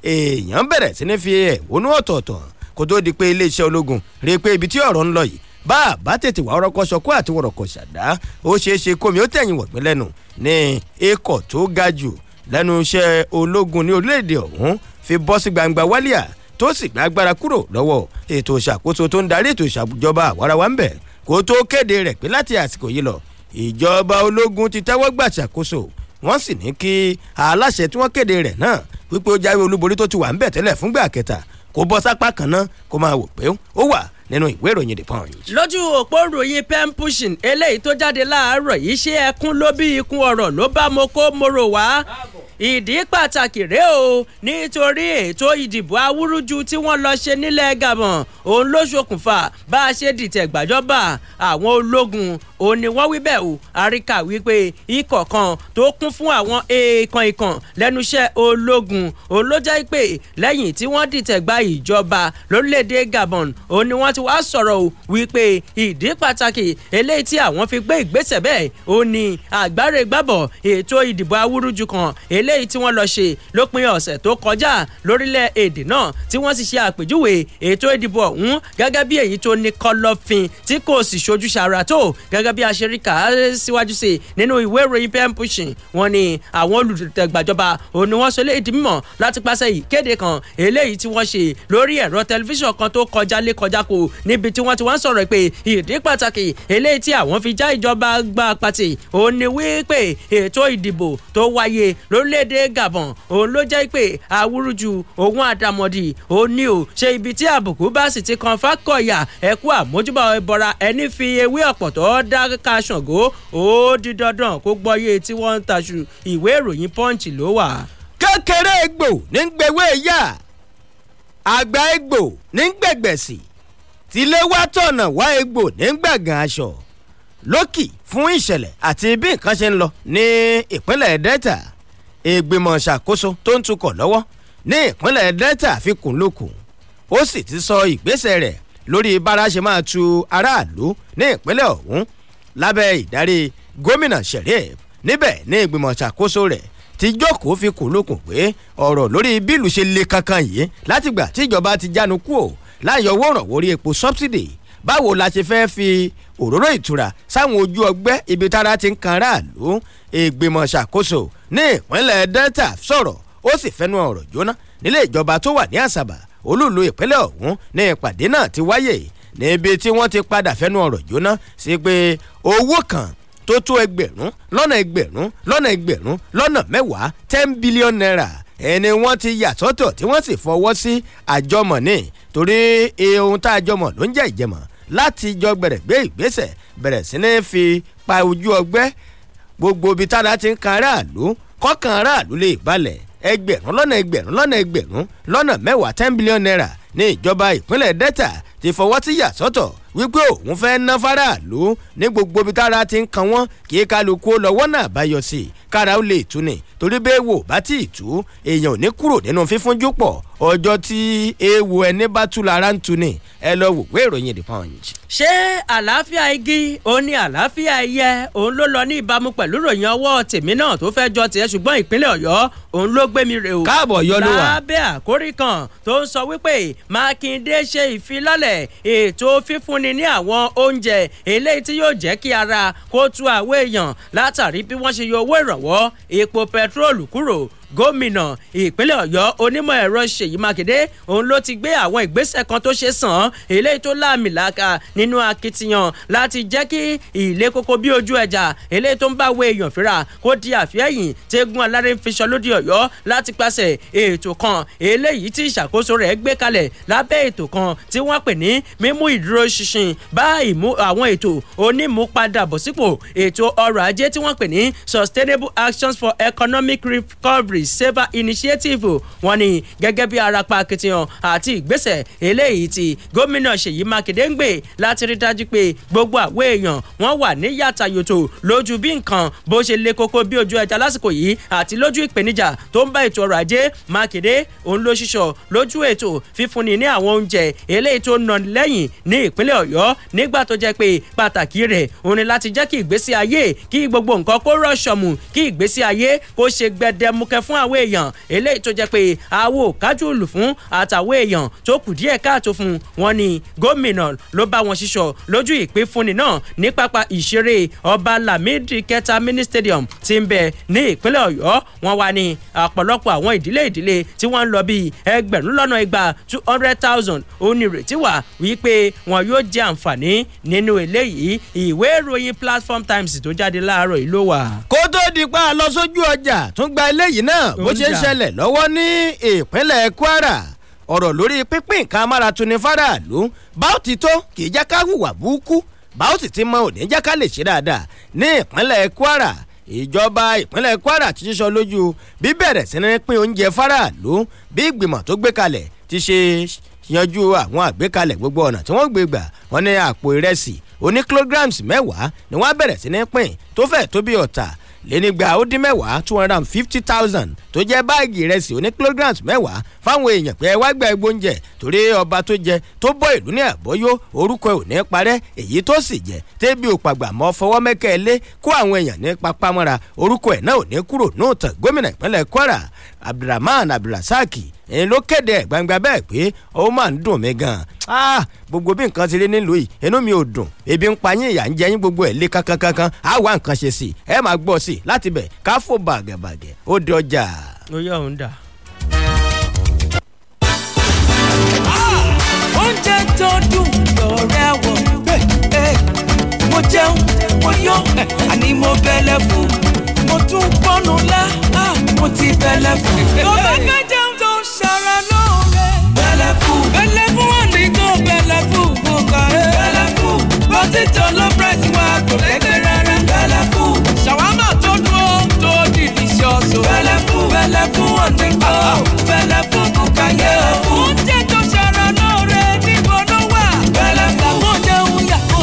èèyàn bẹ̀rẹ̀ sí ní fi ẹ̀hónú ọ̀tọ̀ọ̀tọ̀ kó tó di pé iléeṣẹ́ ológun rí i pé ibi tí ọ̀rọ̀ ń lọ yìí bá a bá tètè wá ọrọ̀ kan sọkó àti wọ̀rọ̀ kan ṣàdá ó ṣeé ṣe kómi ó tẹ̀yìn wọ̀gbìn lẹ́nu ní ikọ̀ tó ga jù lẹ́nu iṣẹ́ ológun ní orílẹ̀-èdè ọ̀hún fi bọ́ sí gbangba wálíà tó sì gbàgbára kúrò lọ́wọ́ ètò ìṣàkóso tó ń darí ètò ìṣàjọba àwarawa ń bẹ̀ kó tó kéde rẹ̀ pé láti àsìkò yìí lọ ìjọba ológun ti tẹ́wọ́ gbà ṣàkóso wọ́n sì ní kí aláṣẹ tí wọ́n kéde rẹ̀ náà wípé ó jáwé olúborí tó ti wà ń bẹ̀ tẹ́lẹ̀ fúngbà kẹta kó bọ́ sápá kan náà kó máa wò pé ó wà nínú ìwé ìròyìn the punch. lójú òpó ròyìn pen pushing eléyìí tó jáde láàárọ̀ yìí ṣe ẹkún ló bí ikun ọ̀rọ̀ ló bá mo kó moro wá ìdí pàtàkì rèé o nítorí ètò ìdìbò awúrúju tí wọ́n lọ ṣe nílẹ̀ gabon òun ló ṣokùnfà bá a ṣe dìtẹ̀ gbàjọba àwọn ológun òun ni wọ́n wí bẹ́ẹ̀ o àríkà wípé ikọ̀ kan tó kún fún àwọn èèkàn ikàn lẹ́nuṣẹ́ ológun òun ló jẹ́ pé lẹ́yìn tí wọ́n dìtẹ̀ gba ìjọba lórílẹ̀ gabon òun ni wọ́n ti wá sọ̀rọ̀ o wípé ìdí pàtàkì eléyìí tí àwọn fi gbé ìgbésẹ̀ bẹ́ẹ̀ ó ní àgbáre gbàbọ̀ ètò ìdìbò awúrúju kan eléyìí tí wọ́n lọ ṣe lópin ọ̀sẹ̀ tó kọjá lórílẹ̀ èdè náà tí wọ́n sì ṣe àpèjúwe ètò ìdìbò ọ̀hún gẹ́gẹ́ bí èyí tó ní kọ̀lọ̀fín tí kò sì ṣojú ṣàrà tó gẹ́gẹ́ bí aṣeríkà síwájú sí nínú ìwé ìròyìn pen pushing wọ́n ní àwọn olùtẹ̀gbàjọba òun ni wọ́n sọ eléyìí di mímọ̀ láti pàṣẹ ìkéde kan eléyìí tí wọ́n ṣe lórí ẹ̀rọ tẹlifíṣàn kan tó kọjá lé kọjá kò níbi tí wọ́n ti wá ń sọ̀rọ̀ pé ìdí pàtàkì eléyìí tí àwọn fi já ìjọba gba pàtì òun ni wípé ètò ìdìbò tó wáyé lórílẹ̀‐èdè Gabon òun ló jẹ́ pé awúrúju òun àdàmọ̀dì òun ni ò ṣe ibi tí àbùkù bá sì ti kan fákọ̀yà ẹ̀kú àmójúbà ẹ̀bọra ẹni fi ewé ọ̀pọ̀tọ́ dá ká ṣàngó di dandan kó gbọ́yé tí wọ́n ń taṣù ìwé ìròyìn Punch ló wà. kékeré egbò ní gbèwé yá àgbà egbò ní gbègbèsì tílé wá tọ̀nà wá egbò ní gbàngàn aṣọ lókì fún ìṣẹ̀lẹ̀ àti bí nǹkan ṣe ń lọ ní ìpínlẹ̀ delta ìgbìmọ̀ ṣàkóso tó ń tukọ̀ lọ́wọ́ ní ìpínlẹ̀ delta fikùn lókun ó sì ti sọ ìgbésẹ̀ rẹ̀ lórí bára ṣe máa tu aráàlú ní ìpínlẹ̀ ọ̀hún lábẹ́ ìdarí gómìnà sheriff níbẹ̀ ní ìgbìmọ̀ ṣàkóso rẹ̀ ti jókòó fikùn lókun pé ọ̀rọ̀ lórí bílù ṣe le kankan yìí látìgbà tíjọba ti jánu kú ò láyọ owó ìrànwọ́ orí epo subsidy báwo la ṣe fẹ́ fi òróró ìtura sáwọn ojú ọgbẹ́ ibi tára ti ń kan ráàlú ìgbìmọ̀ ṣàkóso ní ìpínlẹ̀ delta sọ̀rọ̀ ó sì fẹ́nu ọ̀rọ̀ jóná nílé ìjọba tó wà ní àṣàbà olúùlú ìpínlẹ̀ ọ̀hún ní ìpàdé náà ti wáyé níbi tí wọ́n ti padà fẹ́nu ọ̀rọ̀ jóná sí pé owó kan tó tó ẹgbẹ̀rún lọ́nà ẹgbẹ̀rún lọ́nà ẹgbẹ̀rún lọ́nà mẹ́wàá ten billion naira ẹni wọ́n ti yà sọ́tọ̀ tí wọ́n sì fọwọ́ sí àjọmọ̀ ní torí ohun tá a jọmọ̀ ló ń jẹ́ ìjẹmọ̀ láti jọ gbẹ̀rẹ̀ gbé ìgbésẹ̀ bẹ̀rẹ̀ sí ní fi pa ojú ọgbẹ́ gbogbo ibi tára ti ń kan aráàlú kọ́kàn aráàlú lè balẹ̀ ẹgbẹ̀rún lọ́nà ẹgbẹ̀rún lọ́nà ẹgbẹ̀rún lọ́nà mẹ́wàá ten billion naira ní ìjọba ìpínlẹ̀ delta ti fọwọ́ sí yàsọ́tọ̀ wípé òun fẹ́ ná faraàlú ní gbogbo ibi tára ti ń kan wọ́n kí kálukú lọ́wọ́ náà bá yọ sí i kára ó lè tú ni torí bẹ́ẹ̀ wò bá tí ì tú èèyàn ò ní kúrò nínú fífúnjú pọ̀ ọjọ́ tí ewu ẹni bá tú lára ń tu ni ẹ lọ wò wé ìròyìn the punch. ṣé àlàáfíà igi òun ni àlàáfíà ẹyẹ òun ló lọ ní ìbámu pẹ̀lú ìròyìn ọwọ́ tèmi náà tó fẹ́ jọ tiẹ̀ ṣùgbọ́n ìpínlẹ̀ ọ̀yọ́ òun ló gbé mi rè o. káàbọ̀ yọ ló wà. lábẹ́ àkórí kan tó ń sọ wípé mákindé ṣe ìfilọ́lẹ̀ ètò fífúnni ní àwọn oúnjẹ eléyìí tí yóò jẹ́ kí ara kó tu àwọn èèyàn látàrí bí wọ́n ṣe yọ owó ìrànwọ́ epo pẹtrólù kúrò gómìnà ìpínlẹ̀ ọ̀yọ́ onímọ̀ ẹ̀rọ ṣèyí mákindé òun ló ti gbé àwọn ìgbésẹ̀ kan tó ṣe sàn eléyìí tó láàmì làákà nínú akitiyan láti jẹ́ kí ilé kókó bí ojú ẹja eléyìí tó ń bá wé èèyàn fínra kó di àfihẹ́yìn tẹ́gun aláré ń fiṣọ lóde ọ̀yọ́ láti pàṣẹ ètò kan eléyìí tí ìṣàkóso rẹ̀ gbé kalẹ̀ lábẹ́ ètò kan tí wọ́n pè ní mímú ìdúróṣinṣin bá ìmú àwọn ètò onímúpadàbọ̀sípò ètò ọrọ̀ ajé tí wọ́n pè ní sustainable actions for economic recovery Saver Initiative wọ́n ní gẹ́gẹ́ bí arapa akitiyan àti ìgbésẹ̀ eléyìí tí gómìnà Ṣèyí Mákindé ń gbé láti rí dájú pé gbogbo àwọn èèyàn wọ́n wà ní yàtà yòtò lójú bí nǹkan bó ṣe le koko bí ojú ẹja lásìkò yìí àti lójú ìpèníjà tó ń bá ètò ọrọ̀ ajé Mákindé òun ló ṣiṣọ lójú ètò fífúnni ní àwọn oúnjẹ eléyìí tó nà lẹ́yìn ní ìpínlẹ̀ Ọ̀yọ́ nígbà tó jẹ́ pé pàtàkì rẹ̀ òun ni láti jẹ́ kí ìgbésí ayé kí gbogbo nǹkan kó rọ̀ṣọ̀mù kí ìgbésí ayé kó ṣe gbẹdẹmukẹ fún fún àwọn èèyàn eléyìí tó jẹ́ pé àwo kájúlù fún àtàwọn èèyàn tó kù díẹ̀ káàtó fún wọn ni gómìnà ló bá wọn ṣíṣọ lójú ìpínfúnni náà ní pápá ìṣeré ọba lamidi kẹta mini stadium ti ń bẹ ní ìpínlẹ̀ ọ̀yọ́ wọn wà ní ọ̀pọ̀lọpọ̀ àwọn ìdílé ìdílé tí wọ́n ń lọ bíi ẹgbẹ̀rún lọ́nà igba two hundred thousand onírètí wà wípé wọn yóò jẹ àǹfààní nínú eléyìí ìwé ìròyìn platform times tó jáde láàárọ̀ yìí ló wà. kó tó di pa lọ sójú ọjà tún gba eléyìí náà náà bó ṣe ń ṣẹlẹ̀ lọ́wọ́ ní ìpínlẹ̀ kwara ọ̀rọ̀ lórí pínpín nǹkan amáratuni fáráàlú bá ó ti tó kì í jẹ́ ká hùwà búkú bá ó sì ti mọ òní jẹ́ ká lè ṣe dáadáa ní ìpínlẹ̀ kwara ìjọba ìpínlẹ̀ kwara ti ṣíṣọ lójú bíbẹ̀rẹ̀ sí ní pín oúnjẹ fáráàlú bí ìgbìmọ̀ tó gbé kalẹ̀ ti ṣe yanjú àwọn àgbékalẹ̀ gbogbo ọ̀nà tí wọ́n gbé gbà wọ́n ní àpò ìrẹsì oní kilograms mẹ́wàá ni wọ́n á bẹ̀rẹ̀ sí ní pín tó fẹ̀ tó bí ọ̀tà lénígba ó dín mẹ́wàá two hundred and fifty thousand tó jẹ́ báàgì ìrẹsì oní kilograms mẹ́wàá fáwọn èèyàn pé ẹ wá gba ẹgbó oúnjẹ torí ọba tó jẹ tó bọ́ ìlú ní àbọ́yó orúkọ ẹ̀ ò ní parẹ́ èyí tó sì jẹ tẹ́bi òpàgbà mọ́ fọwọ́ mẹ́kẹ́ lé kó àwọn èèyàn ní papámọ́ra orúkọ ẹ̀ náà ò ní kúrò nóòtàn gómìnà ìpínlẹ̀ Kwara Abdulrahman Abdulrasaki ẹ ló kéde gbangba bẹ́ẹ̀ pé ó máa ń dùn mí gan ah gbogbo bí nǹkan ti rí nílùú yìí inú mi ò dùn ebi ń pa yín ìyà ń jẹ yín gbogbo ẹ̀ lé kankankankan á wá nǹkan ṣe sí ẹ máa gbọ́ sí láti bẹ̀ ká bàgẹ̀bàgẹ̀ ó di ọjà. ó yọ òun dà. Ah! oúnjẹ tó dùn lọ́rẹ́ wọ̀ mo jẹun mo yó àní mo bẹ̀lẹ̀ fún mo tún pọ́nù lá ah, mo ti bẹ̀lẹ̀ fún. tó bá kájà ṣara lóore. bẹlẹfù bẹlẹfù wọn ní tó bẹlẹfù kò kàré. bẹlẹfù pọtitọ ló price wa kò lẹgbẹ rárá. bẹlẹfù ṣàwámà tó dúró tó di delicious. bẹlẹfù bẹlẹfù wọn ní kó bẹlẹfù kò kàyé. bẹlẹfù oúnjẹ tó ṣara lóore níbo ló wà. bẹlẹfù àwọn jẹun yàtọ̀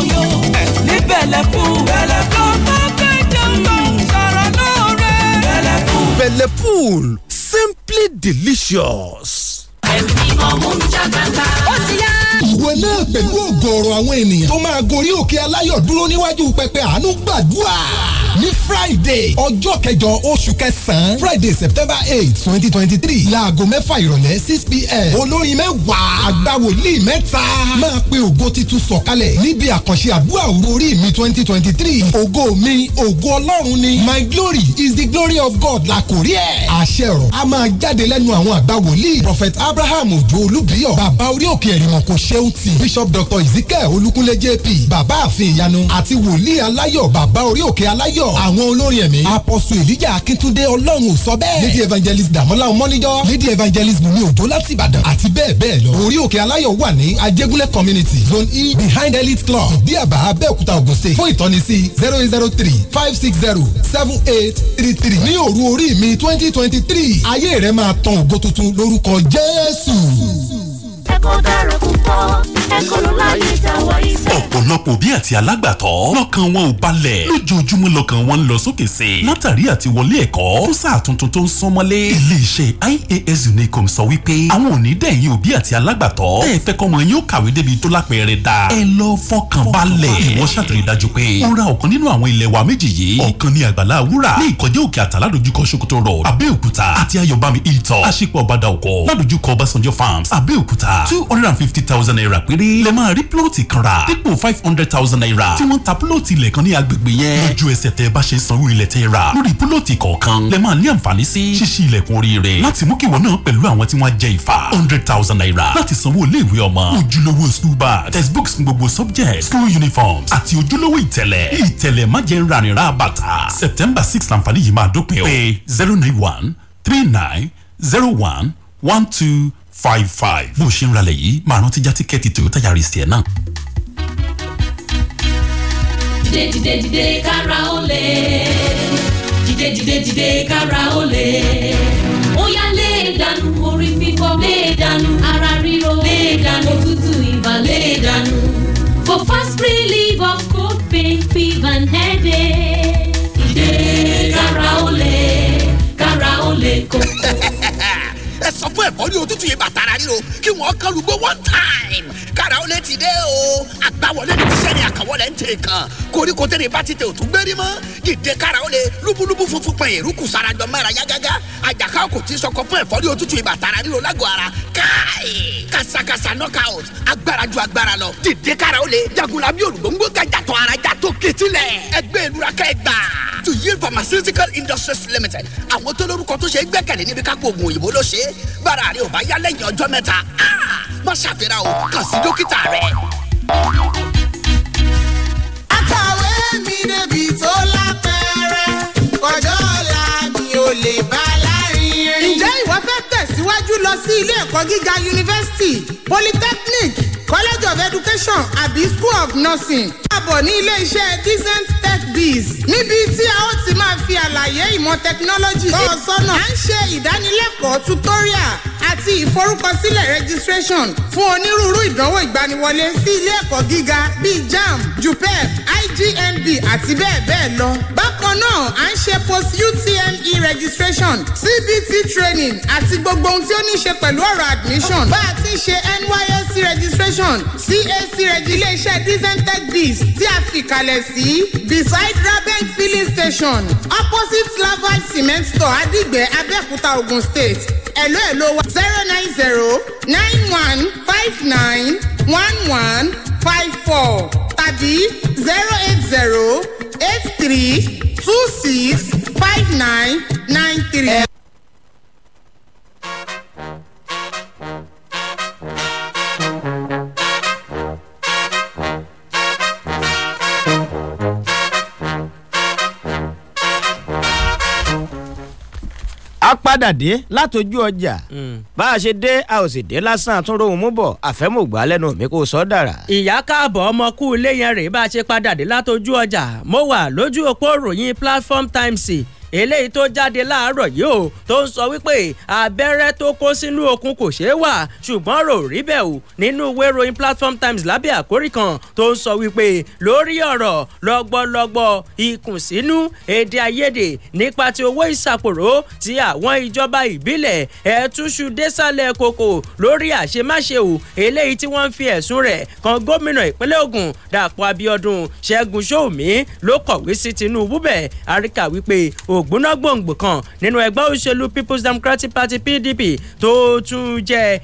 yó simply delicious. ẹ̀mí náà pẹ̀lú ọ̀gọ̀ọ̀rọ̀ àwọn ènìyàn tó máa gorí òkè aláyọ̀ dúró níwájú pẹpẹ àánú gbàdúrà ní friday ọjọ́ kẹjọ oṣù kẹsàn-án friday september eight twenty twenty three láago mẹ́fà ìrọ̀lẹ́ six pm olórin mẹ́wàá àgbàwòlì mẹ́ta máa pe ògo titun sọ̀kalẹ̀ níbi àkànṣe àdúrà orí mi twenty twenty three ògo mi ògo ọlọ́run ni my glory is the glory of god la kò rí ẹ̀. àṣẹ ọ̀rọ̀ a máa jáde lẹ́nu àwọn àgbàwòlì prophet abraham ojo olúbíyọ̀ bàbá orí òkè ẹ̀rìmọ̀ kò ṣeun ti bishop dr ezekiel olúkúnlé jp bàbá àfin ìyanu àti wòlíì aláyọ̀ bàbá orí òkè aláyọ̀ mọ́níjọ́ àwọn olórin ẹ̀mí apọ̀sù èlíjà akíntúndé ọlọ́run ò sọ bẹ́ẹ̀ lady evangelist dàmọ́láwọn mọ́níjọ́ lady evangelist mùmí òjò láti ìbàdàn àti bẹ́ẹ̀ bẹ́ẹ̀ lọ orí òkè aláyọ̀ wà ní ajégúnlẹ̀ community zone e behind elite club díàbà abẹ́òkúta ògùnṣe fún ìtọ́nisí zero eight zero three five six zero seven eight three three ní òru orí mi twenty twenty three ayé rẹ máa tan ògo tuntun lórúkọ jésù ẹ̀kọ́ dára púpọ̀ ẹ̀kọ́ ló láyé ìtawọ̀ ìfẹ́. ọ̀pọ̀lọpọ̀ bí àti alágbàtọ́ lọ́kàn wọn ò balẹ̀ lójoojúmọ́ lọ́kàn wọn ń lọ sókè sí i látàrí àti ẹ̀kọ́ fún sáà tuntun tó ń súnmọ́lé. iléeṣẹ́ IAS Unicom sọ wípé àwọn òní dẹ̀yìn òbí àti alágbàtọ́ ẹ fẹ́ kọ́mọ yín ó kàwé débi tó lápẹẹrẹ da ẹ lọ fọkàn balẹ̀. ìwọ ṣàtìrí dájú pé wọ́n ra ọ̀kan nínú àwọn ilẹ̀ wa méjì yìí ọ̀kan ní àgbàlá àwúrà ní ìkọjẹ́ òkè àtàlá dojúkọ Sokoto road Abẹ́òkúta àti ayọ̀bámi two hundred and fifty thousand naira péré lè máa rí plóòtì kan rà dípò five hundred thousand naira tí wọ́n ta plóòtì ilẹ̀ kan ní agbègbè yẹn lójú ẹsẹ̀ tẹ́ bá ṣe sanwó ilẹ̀ tẹ́ rà lórí plóòtì kọ̀ọ̀kan lè máa ní àǹfààní sí ṣíṣí ilẹ̀kùn oríire láti mú kíwọ náà pẹ̀lú àwọn tí wọ́n jẹ ìfà hundred thousand naira láti sanwó iléèwé ọmọ ojúlówó school bag textbooks gbogbo subject school uniforms àti ojúlówó ìtẹ̀lẹ̀ ìtẹ̀lẹ̀ má jẹ́ ń ranira bàtà september six làǹfààní yìí máa dópin o zero nine one three nine zero one one two five five. bó o ṣe ń ralẹ̀ yìí máa rántí já tíkẹ́ẹ̀tì Toyota Yaris tiẹ̀ náà. dìde dìde dìde kára ó lè dìde dìde dìde kára ó lè ó yá lè e dànù orí fífọ́ lè e dànù ara ríro lè e dànù òtútù ibà lè dànù for fast relief of cold pain fever and headache. dìde kára ó lè. sọ fún ẹ̀fọ́rí òtútù yìí bàtàrà ríro kí wọ́n kan lùgbọ́ one time kára ó lè ti dé o àgbàwọlé ní tíṣẹ́ ni àkàwọlé ń tèrè koríko tèrè bá ti tẹ òtún gbérí mọ́ dìde kára ó lè lúbúlúbú funfun pẹ̀ èrúkù sarajọ mẹ́ra yágágá àjàká kò tí sọkọ fún ẹ̀fọ́rí òtútù yìí bàtàrà ríro lágọ̀ ara káì kàṣàkàṣà knockout agbára ju agbára lọ dìde kára ó lè jagunla bí olùgbòǹgbò ká ara jàtọ̀ kìtìlẹ̀ ẹgbẹ́ ìlúra kẹ́ gbà to yield pharmaceutical industries limited àwọn tó lórúkọ tó ṣe é gbẹ́kẹ̀lé níbi kápò bára rẹ ò bá yá lẹ́yìn ọjọ́ mẹ́ta má ṣàfihàn o kàn sí dókítà rẹ. àtàwé mi débi tó lápẹẹrẹ ọjọ́ ọ̀la mi ò lè bá láàrin. ǹjẹ́ ìwọ fẹ́ tẹ̀síwájú lọ sí ilé ẹ̀kọ́ gíga yunifásitì polytechnic college of education àbí school of nursing. káàbọ̀ ní ilé iṣẹ́ decent tech biz níbi tí a ó ti máa fi àlàyé ìmọ̀ technology tó o sọ́nà. à ń ṣe ìdánilẹ́kọ̀ọ́ tutorial àti ìforúkọsílẹ̀ registration fún onírúurú ìdánwò ìgbaniwọlé sí ilé ẹ̀kọ́ gíga bíi jamb jupep IGMB àti bẹ́ẹ̀ bẹ́ẹ̀ lọ. bákan náà à ń ṣe post UTME registration CBT training àti gbogbo ohun tí ó ní ṣe pẹ̀lú ọ̀rọ̀ admission bá a ti ṣe NYSC registration CAC registration ilé-iṣẹ́ decentech biz tí a fi kalẹ̀ sí beside rabank filling station opposite laval cement store adigbe Abẹ́òkúta Ogun State ẹ̀ló ẹ̀ló wa zero nine zero nine one five nine one one five four tàbí zero eight zero eight three two six five nine nine three. padà dé látọjú ọjà hmm. bá a ṣe dé a ò sì dé lásán àtúnròhùn mú bọ̀ àfẹ́mùgbà lẹ́nu mi kò sọ dára. ìyá káàbọ̀ ọmọ kú ilé yẹn rèé bá a ṣe padà dé látọjú ọjà mo wà lójú òpó ròyìn platform times eléyìí tó jáde láàárọ̀ yìí o tó ń sọ wípé abẹ́rẹ́ tó kó sínú okun kò ṣeé wà ṣùgbọ́n rò rí bẹ́ẹ̀ o nínú ìwé platform times lábẹ́ àkórí kan tó ń sọ wípé lórí ọ̀rọ̀ lọ́gbọ́lọ́gbọ́ ìkùnsínú èdè àìyedè nípa ti owó ìsàpòrò ti àwọn ìjọba ìbílẹ̀ ẹ̀túnṣu désàlẹ̀ kòkò lórí àṣemáṣe o eléyìí tí wọ́n ń fi ẹ̀sùn rẹ̀ kan gómìnà ìpínlẹ̀ Ògùn Dàpọ̀ Abíọ́dún Ṣẹ́gun Ṣóòmí ló kọ̀wé sí Tinubu bẹ́ẹ̀ àríkà wípé o ògbóná gbòǹgbò kan nínú ẹgbẹ́ òṣèlú people's democratic party pdp tó tún jẹ́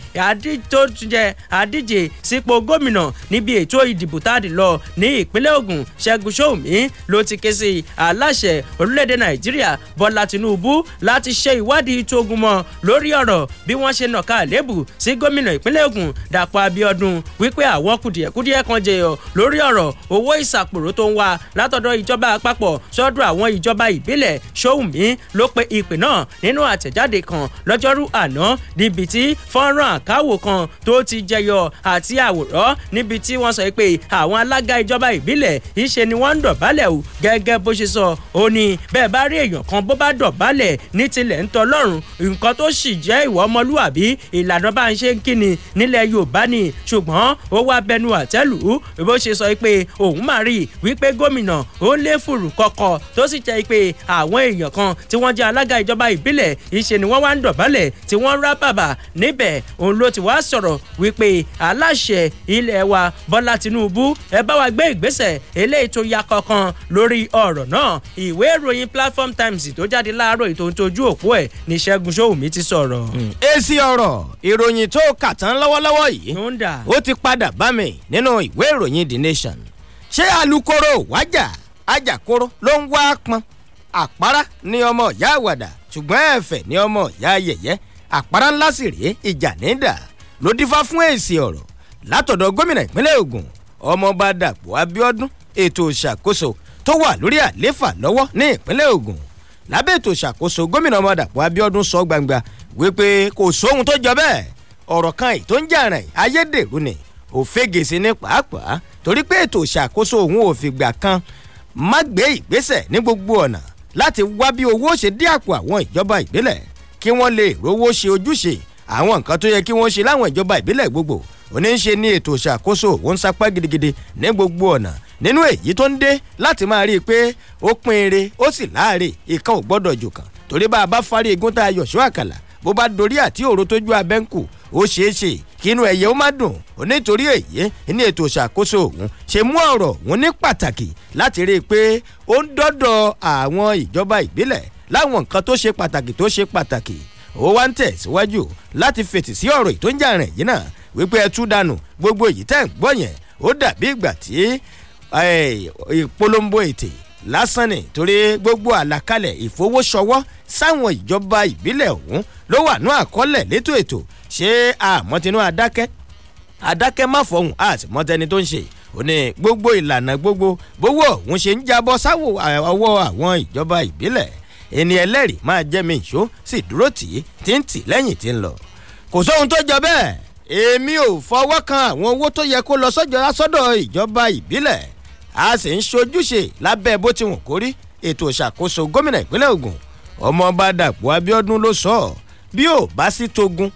tó tún jẹ́ àdíje sípò gómìnà níbi ètò ìdìbò táàdì lọ ní ìpínlẹ̀ ògùn ṣẹ́gun ṣóòmí ló ti ké sí aláṣẹ orílẹ̀-èdè nàìjíríà bọ́lá tinúbú láti ṣe ìwádìí tó gún mọ́ lórí ọ̀rọ̀ bí wọ́n ṣe nàka àlébù sí gómìnà ìpínlẹ̀ ògùn dàpọ̀ abiodun wípé àwọn kùdìẹ̀kùdìẹ̀ kan jẹyọ lórí ọ̀rọ̀ owó ìsàpòrò tó ń wá látọ̀dọ̀ ìjọba àpapọ̀ sọ́dọ̀ àwọn ìjọba ìbílẹ̀ ṣ Ṣóhùnmí ló pe ìpè náà nínú àtẹ̀jáde kan lọ́jọ́rú àná níbi tí fọ́nrán àkáwò kan tó ti jẹyọ àti àwòrán níbi tí wọ́n sọ pé àwọn alága ìjọba ìbílẹ̀ ìṣe ni wọ́n ń dọ̀bálẹ̀ o gẹ́gẹ́ bó ṣe sọ ó ní bẹ́ẹ̀ bá rí èèyàn kan bó bá dọ̀bálẹ̀ ní tilẹ̀ ń tọlọ́run nǹkan tó sì jẹ́ ìwà ọmọlúwàbí ìlànà bá ń ṣe ń kíni nílẹ̀ Yorùbá ni ṣùgbọ́n ó wá bẹnu àtẹ́lù bó ṣe sọ pé òun máa rí wípé gómìnà ó lé fùrù kọkọ tó sì jẹ́ pé àwọn èèyàn èèyàn kan tí wọ́n jẹ́ alága ìjọba ìbílẹ̀ ìṣe ni wọ́n wá ń dọ̀bálẹ̀ tí wọ́n rá bàbà níbẹ̀ òun ló ti wá sọ̀rọ̀ wípé aláṣẹ ilẹ̀ wa Bọ́lá Tinubu ẹ bá wa gbé ìgbésẹ̀ eléyìí tó ya kankan lórí ọ̀rọ̀ náà ìwé ìròyìn Platform Times tó jáde láàárọ̀ ètò ìtọ́jú òpó ẹ̀ ní Ṣẹ́gun Ṣóhùnmí ti sọ̀rọ̀. Hmm. èsì ọ̀rọ̀ ìròyìn tó kà tán lọ́wọ́lọ́wọ́ yìí ó ti padà bá mi nínú ìwé ìròyìn The Nation ṣé alukoro wájà ajakoro ló ń wá pọn àpárá ní ọmọ ìyá àwàdà ṣùgbọ́n ẹ̀fẹ̀ ní ọmọ ìyá ayẹ̀yẹ́ àpárá ńlá sì rèé ìjà nídà ló dífá fún èsì ọ̀rọ̀ látọ̀dọ̀ gómìnà ìpínlẹ̀ Ògùn ọmọọba Dàpọ̀ Abíọ́dún ètò ìṣàkóso tó wà lórí àléfà lọ́wọ́ ní ìpínlẹ̀ Ògùn lábẹ́ ètò ìṣàkóso gómìnà ọmọ Dàpọ̀ Abíọ́dún sọ gbangba wípé kò sóhun tó jọ bẹ́ẹ̀ ọ̀rọ̀ kan èyí tó ń jà ayédèrú ni òfegè sí ní pàápàá torí pé ètò ìṣàkóso òun ò fìgbà kan má gbé ìgbésẹ̀ ní gbogbo ọ̀nà láti wá bí owó ṣe dé àpò àwọn ìjọba ìbílẹ̀ kí wọ́n lè rówó ṣe ojúṣe àwọn nǹkan tó yẹ kí wọ́n ṣe láwọn ìjọba ìbílẹ̀ gbogbo oníṣe ní ètò ìṣàkóso òun sapá gidigidi ní gbogbo ọ̀nà nínú èyí tó ń dé láti máa rí i pé ó pin ire ó sì láàárẹ̀ ìkan ò gbọ́dọ̀ jù kan torí bá a bá farí igun tá a yọ̀ ṣọ́ àkàlà bó bá dorí àti òru tójú abẹ́ǹkù ó ṣeé ṣe kí inú ẹ̀yẹ ó má dùn ó nítorí èyí ní ètò ìṣàkóso òun ṣe mú ọ̀rọ̀ òun ní pàtàkì láti rí i pé ó ń dọ́dọ̀ àwọn ìjọba ìbílẹ̀ láwọn nǹkan tó ṣe pàtàkì tó ṣe pàtàkì ó wá ń tẹ̀síwájú láti fètì sí ọ̀rọ̀ ìtòǹjàrìn yìí náà wípé ẹ tú dànù gbogbo èyí tẹ́ ń gbọ́ yẹn ó dàbí ìgbà tí ìpolongo ètè lásán ni torí gbogbo àlàkalẹ̀ ìfowósọwọ́ sáwọn ìjọba ìbílẹ̀ ọ̀hún ló wà ní àkọọ́lẹ̀ létò ètò ṣé àmọ́tinú adákẹ́ adákẹ́ má fọhùn àti mọ́tẹ́ni tó ń ṣe ó ní gbogbo ìlànà gbogbo bówó ọ̀hún ṣe ń jábọ́ sáwọ́ ọwọ́ àwọn ìjọba ìbílẹ̀ ẹni ẹlẹ́rìí máa jẹ́ mi ìṣó sì dúró tì í tí ń tì lẹ́yìn tí ń lọ kò sóhun tó jọ bẹ́ẹ̀ èmi ò fọwọ́ kan àwọn owó tó yẹ kó lọ sọ́jọ́ sọ́dọ̀ ìjọba ìbílẹ̀ a sì ń ṣojúṣe lábẹ́ bó ti wù kó rí ètò ìṣàkóso gómìnà ìpínlẹ̀ Ògùn ọmọọba Dàpọ̀ Abíọ́dún ló sọ ọ́ bí ò bá sí togun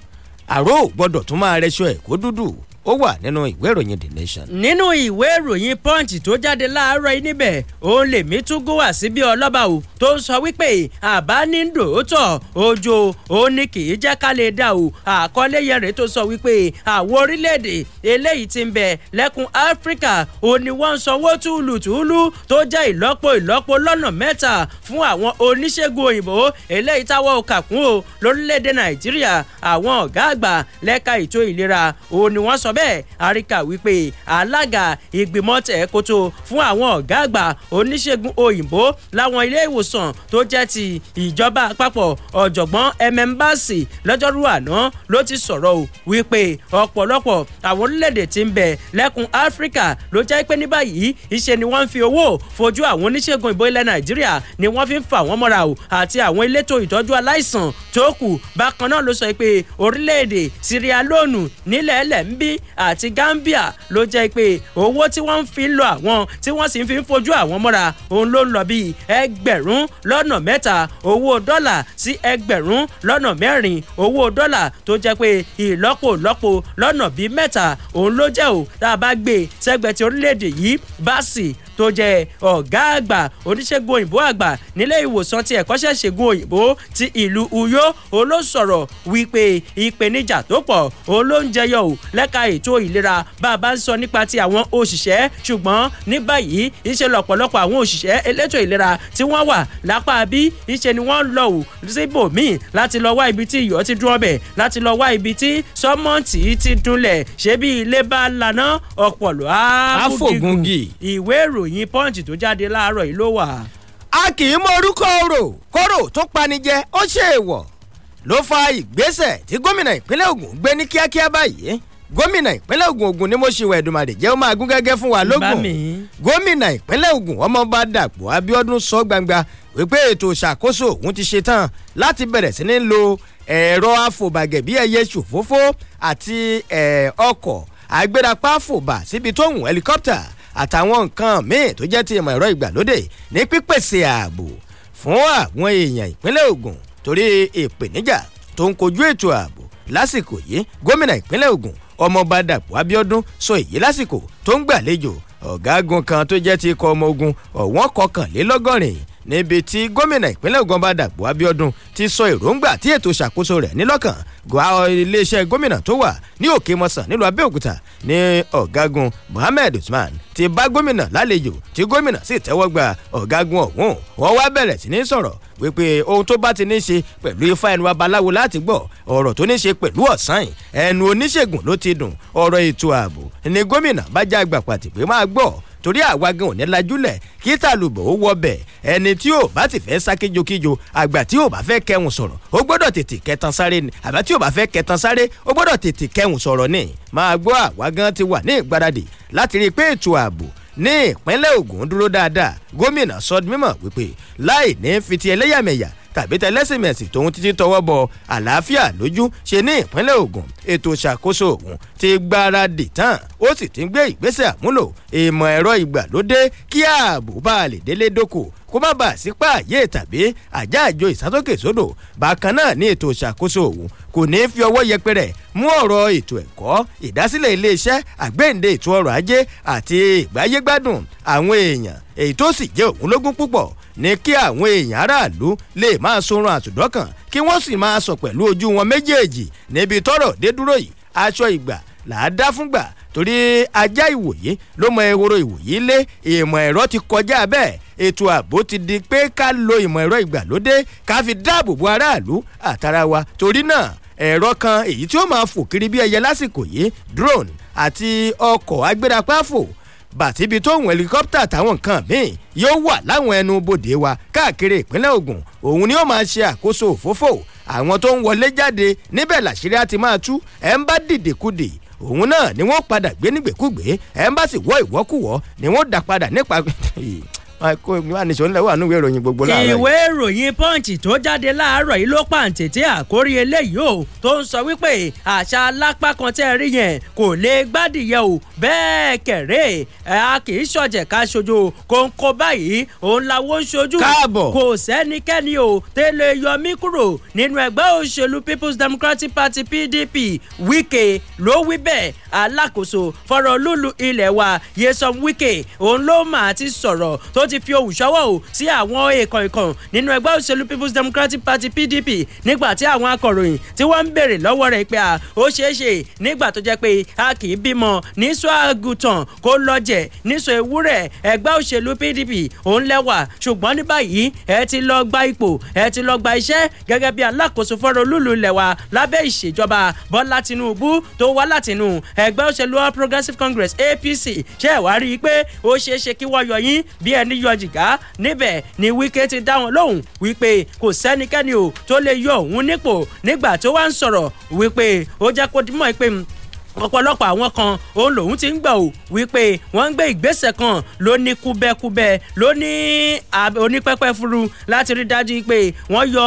àrò gbọ́dọ̀ tún máa rẹṣọ ẹ̀ kó dúdú ó wà nínú ìwé ìròyìn the nation. nínú ìwé ìròyìn punch tó jáde láàárọ̀ yìí níbẹ̀ òun lèmi tún gún wá síbi ọlọ́ba o tó ń sọ wípé àbá ní dòótọ́ ojo òun ni kì í jẹ́ ká lè dà o àkọlé yẹn rèé tó sọ wípé àwọn orílẹ̀-èdè eléyìí ti ń bẹ lẹ́kùn áfíríkà òun ni wọ́n ń sanwó túlùtúlù tó jẹ́ ìlọ́po ìlọ́po lọ́nà mẹ́ta fún àwọn oníṣègùn òyìnbó eléyìí táwọn ò kàkún o lórílẹ̀-èdè nàìjíríà àwọn ọ̀gá àgbà lẹ́ka ètò ìlera òun ni wọ́n sọ b bẹ́ẹ̀ àríkà wípé alága ìgbìmọ̀ tẹ̀ kótó fún àwọn ọ̀gá àgbà oníṣègùn òyìnbó láwọn ilé ìwòsàn tó jẹ́ ti ìjọba àpapọ̀ ọ̀jọ̀gbọ́n emembasi lọ́jọ́rú àná ló ti sọ̀rọ̀ o wípé ọ̀pọ̀lọpọ̀ àwọn orílẹ̀-èdè ti ń bẹ lẹ́kùn áfíríkà ló jẹ́ pé ní báyìí ìṣe ni wọ́n ń fi owó fojú àwọn oníṣègùn ìbò ilẹ̀ nàìjíríà ni wọ́n fi ń fà wọ́n mọ́ra o àti àwọn elétò ìtọ́jú aláìsàn tó kù bákan náà ló sọ pé orílẹ̀-èdè sierra leone nílẹ̀ ẹlẹ̀ ń bí àti Gambia ló jẹ́ pé owó tí wọ́n ń fi lọ àwọn tí wọ́n sì ń fi ń fojú àwọn mọ́ra òun ló ń lọ bíi ẹgbẹ̀rún lọ́nà mẹ́ta owó dọ́là sí ẹgbẹ̀rún lọ́nà mẹ́rin owó dọ́là tó jẹ́ pé ìlọ́po lọ́po lọ́nà bíi mẹ́ta òun ló jẹ́ ò tá a bá gbé e sẹ́gbẹ̀ẹ́ ti orílẹ̀-èdè yìí bá sì tó jẹ́ ọ̀gá àgbà oníṣègùn òyìnbó àgbà nílé ìwòsàn ti ẹ̀kọ́ṣẹ́ ṣègùn òyìnbó ti ìlú Uyo olóṣọ̀rọ̀ wípé ìpèníjà tó pọ̀ olóúnjẹyọ ò lẹ́ka ètò ìlera bá a bá ń sọ nípa ti àwọn òṣìṣẹ́ ṣùgbọ́n ní báyìí ìṣe lọ́pọ̀lọpọ̀ àwọn òṣìṣẹ́ elétò ìlera tí wọ́n wà lápá bí ìṣe ni wọ́n lọ ò síbòmíì láti lọ wá ibi tí iyọ̀ ti dún ọbẹ̀ láti lọ wá ibi tí sọ́mọ́ǹtì ti dúnlẹ̀ ṣé bí ilé bá laná ọ̀pọ̀lọ́ àfògùngì ìwé ìròyìn ìròyìn pọ́ǹtì tó jáde láàárọ̀ yìí ló wà. a kì í mọ orúkọ orò kóró tó panijẹ ó ṣe èèwọ̀ ló fa ìgbésẹ̀ tí gómìnà ìpínlẹ̀ Ògùn gbé ní kíákíá báyìí gómìnà ìpínlẹ̀ Ògùn Ògùn ni mo ṣe ìwà Èdùmàrè jẹ́ ó máa gún gẹ́gẹ́ fún wa lógún gómìnà ìpínlẹ̀ Ògùn ọmọọba Dàpọ̀ Abíọ́dún sọ gbangba wípé ètò ìṣàkóso òun ti ṣe tán láti bẹ̀rẹ̀ sí ní lo ẹ̀rọ afòbàgẹ̀ bí ẹyẹ ṣòfófó àti ọkọ̀ àgbérapá fòbà síbi tó wùn àtàwọn nǹkan míì tó jẹ́ ti ìmọ̀ ẹ̀rọ ìgbàlódé ní pípèsè ààbò fún àwọn èèyàn ìpínlẹ̀ Ògùn torí ìpèníjà tó ń kojú ètò ààbò lásìkò yìí gómìnà ìpínlẹ̀ Ògùn ọmọọba Dàpọ̀ Abíọ́dún sọ èyí lásìkò tó ń gbàlejò ọ̀gágun kan tó jẹ́ ti ikọ̀ ọmọ ogun ọ̀wọ́n kọkànlélọ́gọ́rin níbi tí gómìnà ìpínlẹ̀ Ògùn bá Dàpọ̀ Abíọ́dún ti sọ èròǹgbà tí ètò ìṣàkóso rẹ̀ nílọ́kàn gba iléeṣẹ́ gómìnà tó wà ní òkè mọ́sàn nílùú Abẹ́òkúta ní ọ̀gágun Mohammed Usman ti bá gómìnà lálejò tí gómìnà sì tẹ́wọ́ gba ọ̀gágun ọ̀hún wọ́n wá bẹ̀rẹ̀ sí ní sọ̀rọ̀ wípé ohun tó bá ti ní ṣe pẹ̀lú ifá ẹnu babaláwo láti gbọ́ ọ̀rọ̀ tó ní ṣe pẹ̀lú ọ̀sán ẹnu oníṣègùn ló ti dùn ọ̀rọ̀ ètò ààbò ni gómìnà bá já àgbà pàtì máa gbọ́ torí àwa gan ò ní lajúlẹ̀ kí tàlùbọ̀ ó wọbẹ̀ ẹni tí ò bá ti fẹ́ sá kíjokíjo àgbà tí ò bá fẹ́ kẹhùn sọ̀rọ̀ ó gbọ́dọ̀ tètè kẹtan sáré ni àbá tí ò bá fẹ́ kẹtan sáré ó gbọ́dọ̀ tètè kẹhùn sọ̀rọ̀ ni máa gbọ́ àwa gan ti wà ní ìgbáradì láti rí i pé ètò ààbò ní ìpínlẹ̀ Ògùn dúró dáadáa gómìnà sọ mímọ̀ wípé láì ní fi ti ẹlẹ́yàmẹ̀yà tàbí tẹlẹ́sìmẹ̀sì tòun títí tọwọ́ bọ àlàáfíà lójú ṣe ní ìpínlẹ̀ Ògùn ètò ìṣàkóso òun ti gbáradì tán ó sì ti ń gbé ìgbésẹ̀ àmúlò ìmọ̀ ẹ̀rọ ìgbàlódé kí ààbò bá a lè délé dóko kó má bàa sí pààyè tàbí àjáàjò ìsásókèsódò bákan náà ní ètò ìṣàkóso òun kò ní í fi ọwọ́ yẹpẹrẹ mú ọ̀rọ̀ ètò ẹ̀kọ́ ìdásílẹ̀ iléeṣẹ́ àgbéǹde ètò ọrọ̀ ajé àti ìgbáyégbádùn àwọn èèyàn èyí tó sì jẹ́ òun púpọ̀ ní kí àwọn èèyàn aráàlú lè máa sunrun àtúndọ́kàn kí wọ́n sì máa sọ pẹ̀lú ojú wọn méjèèjì níbi tọ́rọ̀ dé dúró yìí aṣọ ìgbà làá dá fúngbà torí ajá ìwòye ló mọ ehoro ìwòye lé ìmọ̀ ẹ̀rọ ti kọjá bẹ́ẹ̀ ètò ààbò ti di pé ká lo ìmọ̀ ẹ̀rọ ìgbàlódé ká fi dáàbò bo aráàlú àtara wa torí náà ẹ̀rọ kan èyí tí ó máa fò kiri bí ẹyẹ lásìkò yìí drone àti ọkọ̀ agbérapáfò bàtíbi tó ń hẹlikọ́pítà táwọn nǹkan míì yóò wà láwọn ẹnu bodè wa káàkiri ìpínlẹ̀ Ògùn òun ni ó máa ṣe àkóso òfófó àwọn tó ń wọlé jáde níbẹ̀ làṣírí á ti máa tú ẹ̀ ń bá dìdèkudè òun náà ni wọ́n padà gbé nígbèkúgbè ẹ̀ ń bá sì wọ́ ìwọ́kùwọ́ ni wọ́n dà padà nípa àníṣó ńlẹ̀ wà nínú ìwé ìròyìn gbogbo láàárọ̀ yìí. ìwé ìròyìn pọ́ǹchì tó jáde láàárọ̀ yìí ló pàǹtí tí àkórí eléyìí o tó ń sọ wípé àṣà alápá kan tẹ́ rí yẹn kò lè gbádìyẹ o bẹ́ẹ̀ kẹ̀rẹ́ a kì í ṣọ̀jẹ̀ ká ṣojú kóńkó báyìí òun làwọn ń ṣojú kò sẹ́nikẹ́ni o tẹ́lẹ̀ yọmí kúrò nínú ẹgbẹ́ òṣèlú people's democratic party pdp wike ló wí bẹ́ẹ̀ alákòóso fọ̀rọ̀ lúlu ilẹ̀ wa yesom wike òun ló mà á ti sọ̀rọ̀ tó ti fi ohùn ṣọwọ́ o sí àwọn èèkàn ìkàn nínú ẹgbẹ́ òṣèlú people's democratic party pdp nígbà tí àwọn akọ̀ròyìn tí wọ́n ń béèrè lọ́wọ́ rẹ̀ pé à ó ṣeé ṣe nígbà tó jẹ́ pé a kì í bímọ níṣọ àgùntàn kó lọ́jẹ̀ níṣọ ewúrẹ́ ẹgbẹ́ òṣèlú pdp òun lẹ́wà ṣùgbọ́n ní báyìí ẹ ti lọ gba ipò ẹ ti lọ gba iṣẹ́ gẹ́gẹ́ bí alákòóso fọ́rọ̀ olúlu ilẹ̀ wa lábẹ́ ìṣèjọba bọ́lá tinubu tó wá látinú ẹgbẹ́ òṣèlú all progressive congress apc ṣe é wá rí i pé ó ṣeé ṣe kí wọ́n yọ yín bí ẹni yọ jìgá níbẹ̀ ni Wike ti dá wọn lóhùn wípé kò sẹ́nikẹ́ni ò tó lè yọ òun nípò nígbà tó wá ń sọ̀rọ̀ wípé ó jẹ́ kó dimọ̀ pé ọ̀pọ̀lọpọ̀ àwọn kan òun lòun ti ń gbà ó wípé wọ́n ń gbé ìgbésẹ̀ kan ló ní kúbẹ́kúbẹ́ ló ní onípẹ́pẹ́ furu láti rí dájú pé wọ́n yọ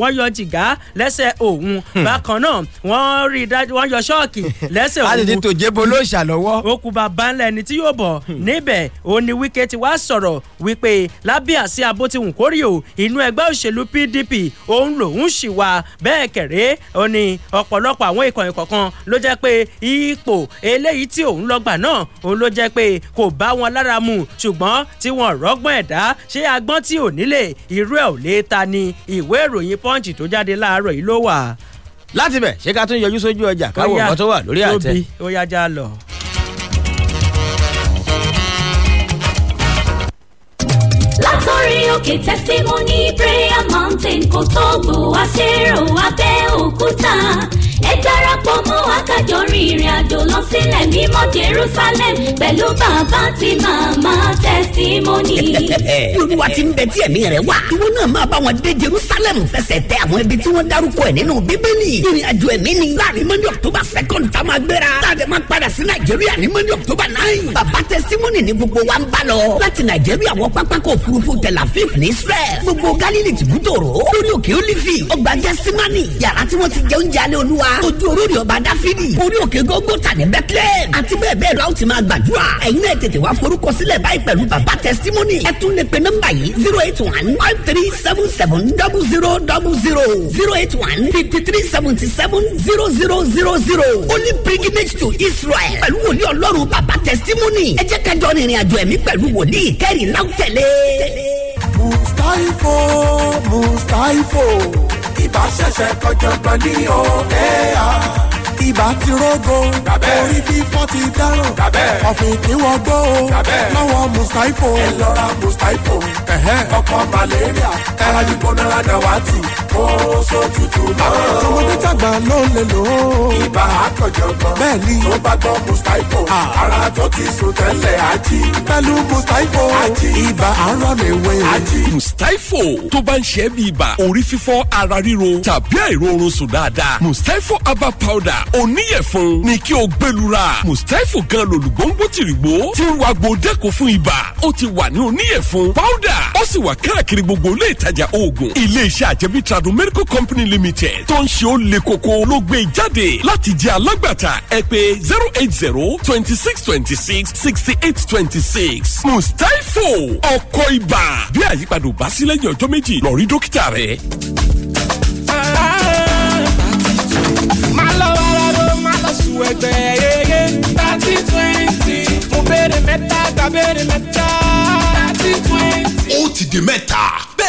wọ́n yọ jìgá lẹ́sẹ̀ òun hmm. bákan náà wọ́n rí dájú wọ́n yọ ṣọ́ọ̀kì lẹ́sẹ̀ òun. a lè ní tòjé bolo ìṣàlọ́wọ́. okùn bàbá ńlẹ̀ ni tí yóò bọ̀ hmm. níbẹ̀ òní wíkẹ́ ti wá sọ̀rọ̀ wípé lábẹ́ àsíá bó ti wùn kórìó inú ẹgbẹ́ òṣèlú pdp òun lòun ṣì wà bẹ́ẹ̀ kẹ̀rẹ́ òní ipò eléyìí tí òun lọ́gbà náà òun ló jẹ́ pé kò bá wọn lára mu ṣùgbọ́n tí wọn rọ́gbọ́n ẹ̀dá ṣé agbọ́n tí ò nílé irú ẹ̀ ò lè ta ni ìwé ìròyìn pọ́ǹchì tó jáde láàárọ̀ yìí ló wà. láti bẹ̀ ṣé ká tún yọjú sójú ọjà káwọ̀ ọ̀gbọ́n tó wà lórí àtẹ. ó yá já lọ. òkè testimony prayer mountain kò tó gbò wá sérò Abẹ́òkúta ẹ darapọ̀ mọ́ wa ká jọ rin ìrìn àjò lọ sílẹ̀ mímọ́ Jerusalem pẹ̀lú bàbá àti màmá testimony. olúwa ti ń bẹ tí ẹ̀mí rẹ̀ wà. ìwọ náà máa bá wọn dé Jerusalem fẹsẹ̀ tẹ àwọn ibi tí wọ́n dárúkọ ẹ̀ nínú bíbélì. ìrìn àjò ẹ̀mí ni. láàrin monday october second tá a máa gbéra. táàdé máa padà sí nàìjíríà ní monday october nine. bàbá testimony ni gbogbo wa ń bá lọ. láti nàìjíríà wọ pápákọ̀ òfurufú tẹ̀láfí olive israel gbogbo galilei tìlú tòró lórí òkè olive ọgbà gẹ́símánì yàrá tí wọ́n ti jẹ oúnjẹ alẹ́ olúwa ojú orórì ọba dáfídì orí òkè gógótà ní bethlehem àti bẹ́ẹ̀ bẹ́ẹ̀ lọ ti máa gbàdúrà ẹ̀yin náà tètè wá forúkọ sílẹ̀ báyìí pẹ̀lú bàbá testimony ẹ tún lè pe nọ́mbà yìí zero eight one five three seven seven double zero double zero zero eight one fifty three seventy seven zero zero zero zero only pilgrimage to israel pẹ̀lú wòlíì ọlọ́run bàbá testimony ẹ jẹ́ kájọ rìnrìn àjò ẹ̀mí pẹ̀lú wòlíì kẹ́rì láwùtẹ̀lẹ̀. mustaifo mustaifo ibà ṣẹ̀ṣẹ̀ kọjọ́gbọ́n ní oa ibà ti rógo orí fífọ́ ti dáràn ọ̀fìn kí wọ́n gbó o lọ́wọ́ mùsáífò. ẹ lọ ra mùsáífò ọkọ̀ malaria ara gbígbóná rádáwátì ó so tutù mọ́. tọmọdé tàgbà ló lè lò ó. ibà àkànjọ̀gbọ́n bẹ́ẹ̀ ni tó bá gbọ́ mùsáífò ara tó ti sùn tẹ́lẹ̀ ají. pẹ̀lú mùsáífò ají ibà arọ lè wé. ají mùsáífò tó bá ń ṣe é bí ibà orí fífọ́ ara ríro tàbí àìróorun sùn dáadáa mùsáífò herbal powder oníyẹ̀fun ni kí o gbẹlura mustapha gan lòlùgbòǹgbò tìrìgbò ti ń wa gbòdẹ́kọ̀ fún ibà ó ti wà ní oníyẹ̀fun pàwùdà ó sì wà káàkiri gbogbo ilé ìtajà oògùn iléeṣẹ́ àjẹmí tradu medical company limited tó ń ṣe ó le koko ló gbé e jáde láti jẹ́ alágbàtà ẹ pè zero eight zero twenty six twenty six sixty eight twenty six mustapha ọkọ̀ ibà bí àyípadà ò bá sí lẹ́yìn ọjọ́ méjì lọ rí dókítà rẹ. ẹgbẹ́ yeye. thirty twenty. mo béèrè mẹ́ta gbà béèrè mẹ́ta. thirty twenty. ó ti di mẹ́ta.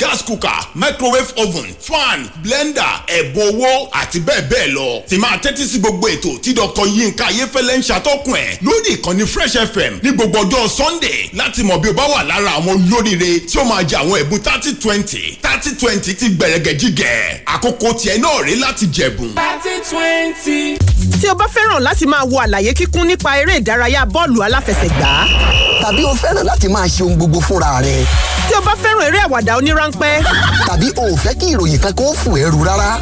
gas cooker microwave oven fan blender ẹ̀bùn owó àti bẹ́ẹ̀ bẹ́ẹ̀ lọ. tí máa tẹ́tí sí gbogbo ètò tí dr yinka ayéfẹ́lẹ́ ń ṣàtọ́kùn ẹ̀ lórí ìkànnì fresh fm ní gbogbo ọjọ́ sunday láti mọ̀ bí o bá wà lára àwọn olóríire tí ó máa jẹ àwọn ẹ̀bùn thirty twenty thirty twenty ti gbẹ̀rẹ̀gẹ̀ jíjẹ àkókò tiẹ̀ náà rí láti jẹ̀bùn. thirty twenty. tí o bá fẹ́ràn láti máa wo àlàyé kíkún nípa eré ìdárayá bọ́ọ̀lù aláfẹsẹ̀gbá. tàbí o fẹ́ràn láti máa ṣe ohun gbogbo fúnra rẹ. tí o bá fẹ́ràn eré àwàdà onírà ráńpẹ́. tàbí o ò fẹ́ kí ìròyìn kan kó fò ẹrù rárá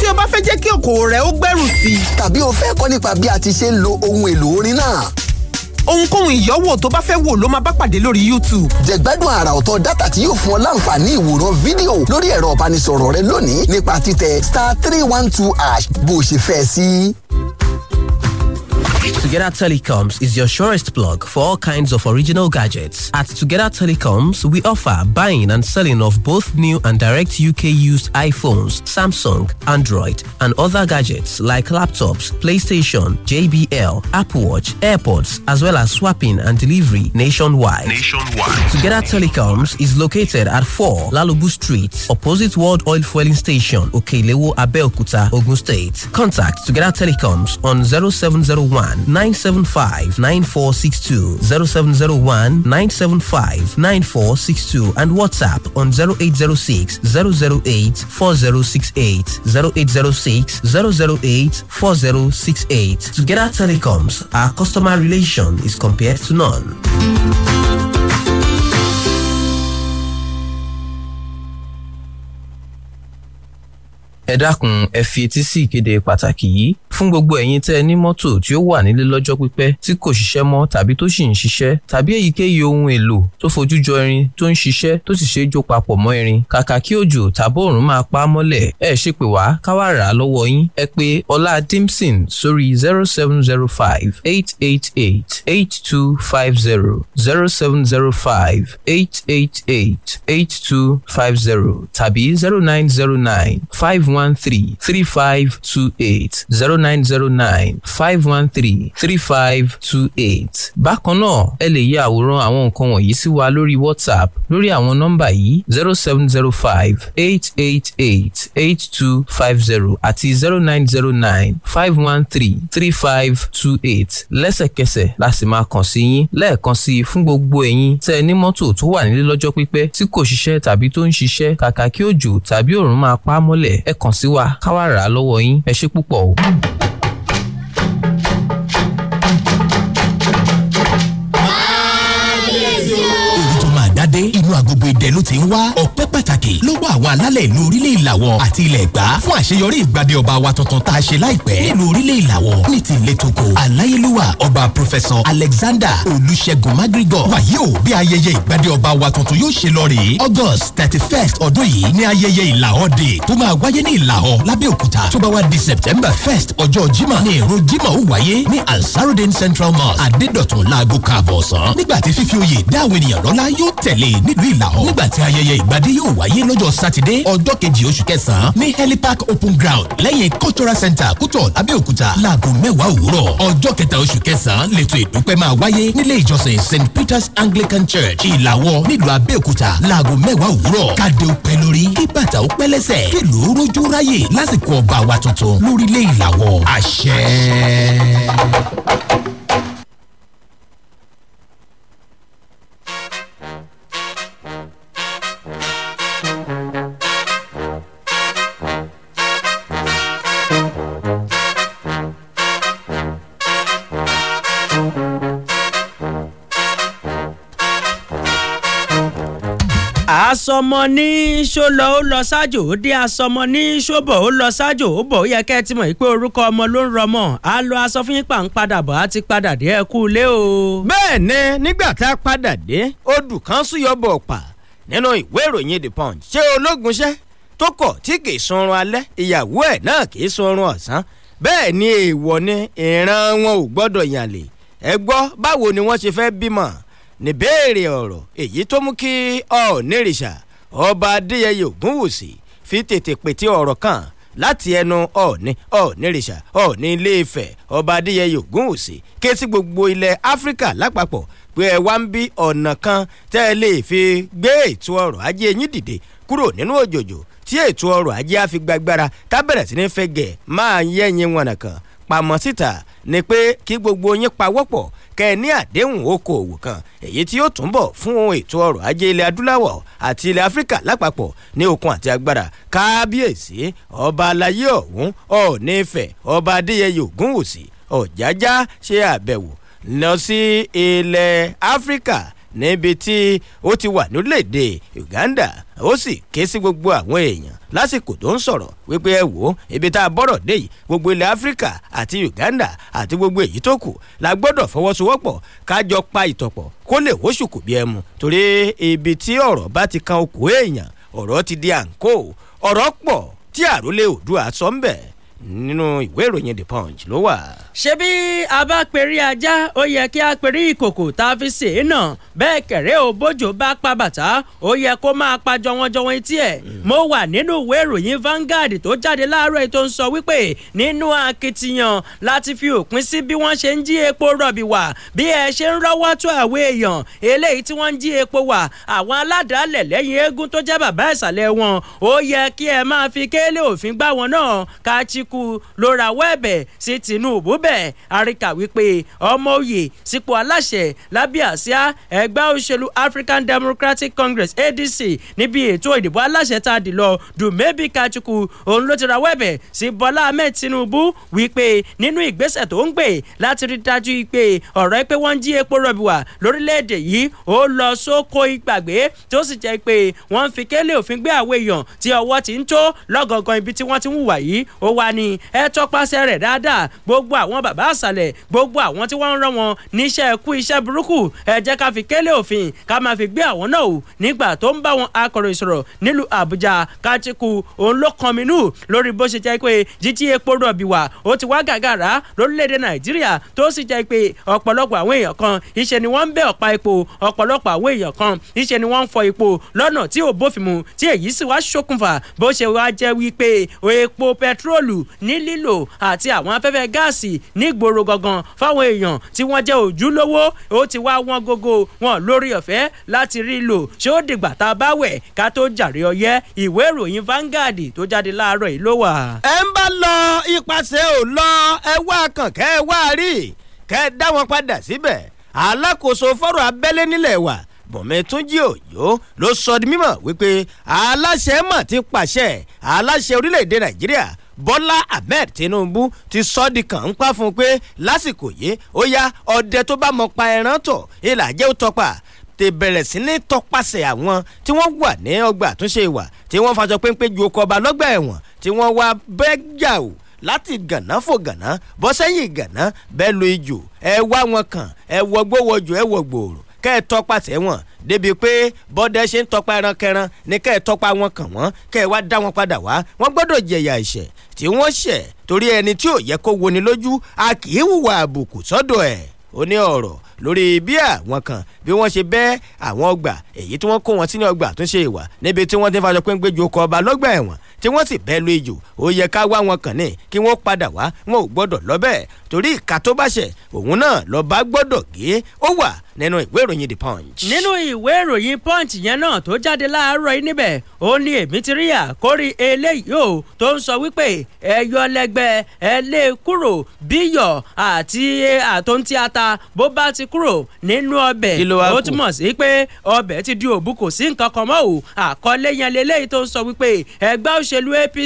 tí o bá fẹ́ jẹ́ kí òkòwò rẹ ó gbèrú sí i. tàbí o fẹ́ kọ́ nípa bí a ti ṣe ń lo ohun èlò orin náà. ohunkóhun ìyọ́wò tó bá fẹ́ wò ló máa bá pàdé lórí YouTube. jẹ̀gbádùn àrà ọ̀tọ̀ dátà tí yóò fún ọ láǹfààní ìwòran fídíò lórí ẹ̀rọ ìbánisọ̀rọ̀ rẹ lónìí nípa títẹ̀ star three one two ash bó o ṣe fẹ́ sí. Together Telecoms is your surest plug for all kinds of original gadgets. At Together Telecoms, we offer buying and selling of both new and direct UK used iPhones, Samsung, Android, and other gadgets like laptops, PlayStation, JBL, Apple Watch, AirPods, as well as swapping and delivery nationwide. Nationwide. Together Telecoms is located at 4 Lalubu Street, opposite World Oil Fueling Station, Okelewo, Abeokuta, Ogun State. Contact Together Telecoms on 0701 975 9462, 0701 975 9462, and WhatsApp on 0806 008 4068, 0806 008 4068. Together Telecoms, our customer relation is compared to none. ẹ dákun ẹ fi etí sí ìkéde pàtàkì yìí fún gbogbo ẹ̀yin tẹ́ ẹ ní mọ́tò tí ó wà nílé lọ́jọ́ pípẹ́ tí kò ṣiṣẹ́ mọ́ tàbí tó sì ń ṣiṣẹ́ tàbí èyíkéyìí ohun èlò tó fojú jọ irin tó ń ṣiṣẹ́ tó sì ṣe é jó papọ̀ mọ́ irin kàkà kí òjò tàbí òòrùn máa pa á mọ́lẹ̀ ẹ ṣe pé wá ká rà á lọ́wọ́ yín ẹ pé Ọlá Dimson sórí zero seven zero five eight eight eight eight two five zero zero seven zero five eight eight eight eight two five zero tàbí zero nine zero nine five one. 513 3528 0909 513 3528. Bákan náà ẹ lè ya àwòrán àwọn nǹkan wọ̀nyí sí wa lórí WhatsApp lórí àwọn nọ́mbà yìí 0705 888 8250 àti 0909 513 3528. Lẹ́sẹ̀kẹsẹ̀ la sì máa kàn sí yín lẹ́ẹ̀kan sí i fún gbogbo ẹ̀yin tẹ́ ẹ ní mọ́tò tó wà nílé lọ́jọ́ pípẹ́ tí kò ṣiṣẹ́ tàbí tó ń ṣiṣẹ́ kàkà kí òjò tàbí òòrùn máa pa á mọ́lẹ̀ ẹ kàn kàn sí wa ká wá rà á lọ́wọ́ yín ẹ ṣé púpọ̀ o. inú agogo idẹ ti ń wá ọ̀pẹ́ pàtàkì lọ́wọ́ àwọn alálẹ̀ ìlú orílẹ̀ ìlàwọ̀ àti ilẹ̀ ẹ̀gbá fún àṣeyọrí ìgbàdé ọba wa tuntun tá a ṣe láìpẹ́ nílùú orílẹ̀ ìlàwọ̀ ní ti ìletòkò aláyélúwà ọba pòfẹ́sọ̀ Alexander Olúṣẹ̀gun Magrigor wàyí o bí ayẹyẹ ìgbàdé ọba wa tuntun yóò ṣe lọ rèé August thirty first ọdún yìí ní ayẹyẹ ìlàhọ́ day tó máa wáyé ní ìlàhọ́ lábẹ́òkúta tó bá wá di September first ọjọ́ jimá ní ìrun jimá ó wáyé ní Ansarudin Central Mosque Adédọ̀tún láago káàbọ̀ ọ̀sán nígbà tí fífi oyè dá àwọn ènìyàn lọ́lá yóò tẹ̀lé e nílùú ìlàhọ́ nígbà tí ayẹyẹ ìgbàdé yóò wáyé lọ́jọ́ sátidé ọjọ́ kejì oṣù kẹsàn-án ní helipark open ground lẹ́yìn cultural center kútọ̀ lábẹ́òkúta láago mẹ́wàá òwúrọ̀ ọjọ́ kẹta oṣù kẹsàn-án lẹ́tọ̀ ìdúpẹ́ máa wáyé nílé ìjọsìn st peter's anglican church ìlàwọ̀ nílùú abẹ́òkúta láago mẹ́wàá òwúrọ̀ káde ó pẹ́ lórí kí bàtà ó pẹ́ lẹ́sẹ̀ kí ló rójú ráyè lásìkò ọba wa tuntun lórílẹ̀ asọmọ ní ṣọlọ ó lọ ṣáájò ó dé asọmọ ní ṣọbọ ó lọ ṣáájò ó bọ̀ ó yẹ kẹ́ ẹ ti mọ̀ pé orúkọ ọmọ ló ń rọmọ á lọ aṣọ fún yípa ń padà bọ̀ á ti padà dé ẹ kú ilé o. bẹ́ẹ̀ ni nígbà tá a padà dé odù kan súyọ bọ̀ pa nínú ìwé ìròyìn the punch ṣé ológunṣẹ́ tó kọ̀ tí kì í sunrun alẹ́ ìyàwó ẹ̀ náà kì í sunrun ọ̀sán bẹ́ẹ̀ ni èèwọ̀ ni ìran wọn ò gbọ́dọ̀ yànlè ẹ gbọ́ báwo ni wọ́n ṣe fẹ́ bímọ ní béèrè ọ̀rọ̀ èyí tó mú kí ọ̀nìrìṣà ọba adéyẹyẹ ògúnwùsì fi tètè pètè ọ̀rọ̀ kan láti ẹnu ọ̀ọ́ni ọ̀ọ́nìrìṣà ọ̀ọ́ni ilé ifẹ̀ ọba adéyẹyẹ ògúnwùsì ké sí gbogbo ilẹ̀ áfíríkà lápapọ̀ pé ẹ wá ń bí ọ̀nà kan tẹ́ ẹ lè fi gbé ètò ọrọ̀ ajé yín dìde kúrò nínú òjòjò tí ètò ọrọ̀ ajé á fi gbagbára ká sí ní fẹ́ gẹ̀ máa yẹ́yin wọn nìkan pamọ́ síta ni pé kí gbogbo yín pawọ́pọ̀ kẹ́ ẹ ní àdéhùn okòòwò kan èyí tí yóò túnbọ̀ fún ohun ètò ọrọ̀ ajé ilẹ̀ adúláwọ̀ àti ilẹ̀ áfíríkà lápapọ̀ ní okun àti agbára kábíyèsí ọba alayé ọ̀hún ọ̀ọ́nì ifẹ̀ ọba adéyẹyè ògúnwùsì ọ̀jájá ṣe àbẹ̀wò lọ sí ilẹ̀ áfíríkà níbi tí ó ti wà lórílẹ̀‐èdè Uganda ó sì ké sí gbogbo àwọn èèyàn lásìkò tó ń sọ̀rọ̀ wípé ẹ wò ó ibi tá a bọ́rọ̀ dé yìí gbogbo ilẹ̀ Áfíríkà àti Uganda àti gbogbo èyí tó kù la gbọ́dọ̀ fọwọ́sowọ́pọ̀ kájọ pa ìtọ̀pọ̀ kó lè wóṣù kò bí ẹmu torí ibi tí ọ̀rọ̀ bá ti kan okùn èèyàn ọ̀rọ̀ ti di à ń kó ọ̀rọ̀ pọ̀ tí àrólé Oòduà sọ nínú ìwé ìròyìn the punch ló wà. ṣé bí a bá perí ajá ó yẹ kí a perí ìkòkò tá a fi sè é náà bẹ́ẹ̀ kẹ̀rẹ́ ò bójú bá pa bàtà ó yẹ kó máa pa jọwọ́njọwọ́ etí ẹ̀. mo wà nínú ìwé ìròyìn Vanguard tó jáde láàárọ̀ ètò ń sọ wípé nínú akitiyan láti fi òpin sí bí wọ́n ṣe ń jí epo rọ̀bì wà bí ẹ ṣe ń rọ́wọ́ tó àwọn èèyàn eléyìí tí wọ́n ń jí epo wà àwọn aládàálẹ̀ lẹ́yìn eégún tó jẹ́ bàbá ìsàlẹ̀ wọn ó yẹ kí ẹ máa fi kéèlé òfin gbá wọn náà ká Àtíkù ló rawọ́ ẹ̀bẹ̀ sí Tinubu bẹ́ẹ̀ àríkà wípé ọmọ òye sípò aláṣẹ lábẹ́ àsíá ẹgbẹ́ òṣèlú African Democratic Congress ADC níbi ètò ìdìbò aláṣẹ tá a dì lọ Dumebi Kachukwu òun ló ti rawọ́ ẹ̀bẹ̀ sí Bọ́lá Ahmed Tinubu wípé nínú ìgbésẹ̀ tó ń gbé láti rí dájú pé ọ̀rọ̀ pé wọ́n ń jí epo rọ̀bì wà lórílẹ̀‐èdè yìí ó lọ sóko ìgbàgbé tó sì jẹ́ pé wọ́n fi kélé òfin gbé àwọn èèyàn tí ọwọ́ ti ń tó lọ́gọ̀ọ̀gàn ibi tí wọ́n ti ń hùwà yìí ó wà ni ẹ tọpasẹ̀ rẹ̀ dáadáa gbogbo àwọn bàbá àṣàlẹ̀ gbogbo àwọn tí wọ́n ń rán wọn níṣẹ́ ẹ̀kú iṣẹ́ burúkú ẹ jẹ́ ká fi kélé òfin ká máa fi gbé àwọn náà wò nígbà tó ń bá wọn akọ̀ròyìn sọ̀rọ̀ nílùú àbújá katiku òun ló kan mi lórí bó ṣe jẹ́ pé jíjí epo rọ̀bì wà ó ti wá gàgàrà lórílẹ̀ nàìjíríà tó sì jẹ́ pé ọ̀pọ̀lọpọ̀ àwọn èèyàn kan iṣẹ́ ni wọ́n ń bẹ ọ̀pá epo ọ̀pọ̀lọpọ̀ àwọn èèyàn kan iṣẹ́ ni wọ́n ń fọ epo lọ́nà tí ò bófin mu tí èyí sì wá ṣokùnfà bó ṣe wá jẹ́ wípé epo pẹtrólù ní lílò àti àwọn afẹ́fẹ́ gáàsì nígboro gangan fáwọn èèyàn tí wọ́n jẹ́ òjúlówó ó ti wá wọn gógó wọn lórí ọ̀fẹ́ láti rí lò ṣé ó dìgbà tá a bá wẹ̀ ká tó jàre ọyẹ́ ìwé ìròyìn Vanguard tó jáde láàárọ̀ yìí ló wà. ẹ ń bá lọ ipasẹ̀ ò lọ ẹ wá kàn kẹ́ ẹ wá rí kẹ́ ẹ dá wọn padà síbẹ̀ alákòóso fọ́rọ̀ abẹ́lé nílẹ̀ wa bùnmi túnjí òjò ló sọ di mímọ̀ wípé aláṣẹ mọ̀ ti pàṣẹ aláṣẹ orílẹ̀-èdè nàìjíríà bọ́lá ahmed tinubu ti sọ́ di kàn ń pa fún un pé lásìkò yìí ó yá ọdẹ tó bá mọ pa ẹran tọ̀ ìlàjẹ́ ó tọpa tè bẹ̀rẹ̀ sí ní tọpasẹ̀ àwọn tí wọ́n wà ní ọgbà àtúnṣe ìwà tí wọ́n fàṣọ péńpé ju ọkọ̀ ọba lọ́gbà ẹ̀wọ̀n tí wọ́n wá bẹ́ẹ̀ jà ò láti gànà fò gànà bọ́ gànà bẹ́ẹ̀ lu ijù ẹ wá wọn kàn ẹ wọgbó wọjù ẹ wọ gbòòrò kẹ́ ẹ tọpasẹ̀ wọn débi pé bọ́dẹ ṣe ń tọpa ẹran kẹran ni kẹ́ ẹ̀ tọpa wọn kàn wọ́n kẹ́ ẹ̀ wá dá wọn padà wá wọ́n gbọ́dọ̀ jẹ̀yà ẹ̀ṣẹ̀ tí wọ́n ṣẹ̀ torí ẹni tí ò yẹ kó woni lójú a kì í hùwà àbùkù sọ́dọ̀ ẹ̀ ó ní ọ̀rọ̀ lórí bí àwọn kan bí wọ́n ṣe bẹ́ àwọn ọgbà èyí tí wọ́n kó wọn sínú ọgbà tó ṣe ìwà níbi tí wọ́n ti ń fàṣọ pé ń gbé ju ọkọ̀ ọba lọ́gbà ẹ̀wọ̀n tí wọ́n sì bẹ́ẹ̀ lu ijù ó yẹ ká wá wọn kàn ní kí wọ́n padà wá wọn ò gbọ́dọ̀ lọ́bẹ̀ torí ìka tó bá ṣẹ̀ òun náà lọ́ba gbọ́dọ̀ gé ó wà nínú ìwé ìròyìn the punch. nínú ìwé ìròyìn punch yẹn náà tó jáde láàárọ̀ yìí níbẹ̀ ó ní èmi ti rí àkórí eléyìí o tó ń sọ wípé ẹyọ lẹgbẹ ẹ kúrò bíyọ̀ àti àtúntí ata bó bá ti kúrò nínú ọbẹ̀ ó túmọ̀ sí pé ọbẹ̀ ti di òbú kò sí nǹkan kan mọ́ o àkọlé yẹn leléyìí tó ń sọ wípé ẹgbẹ́ òṣèlú apc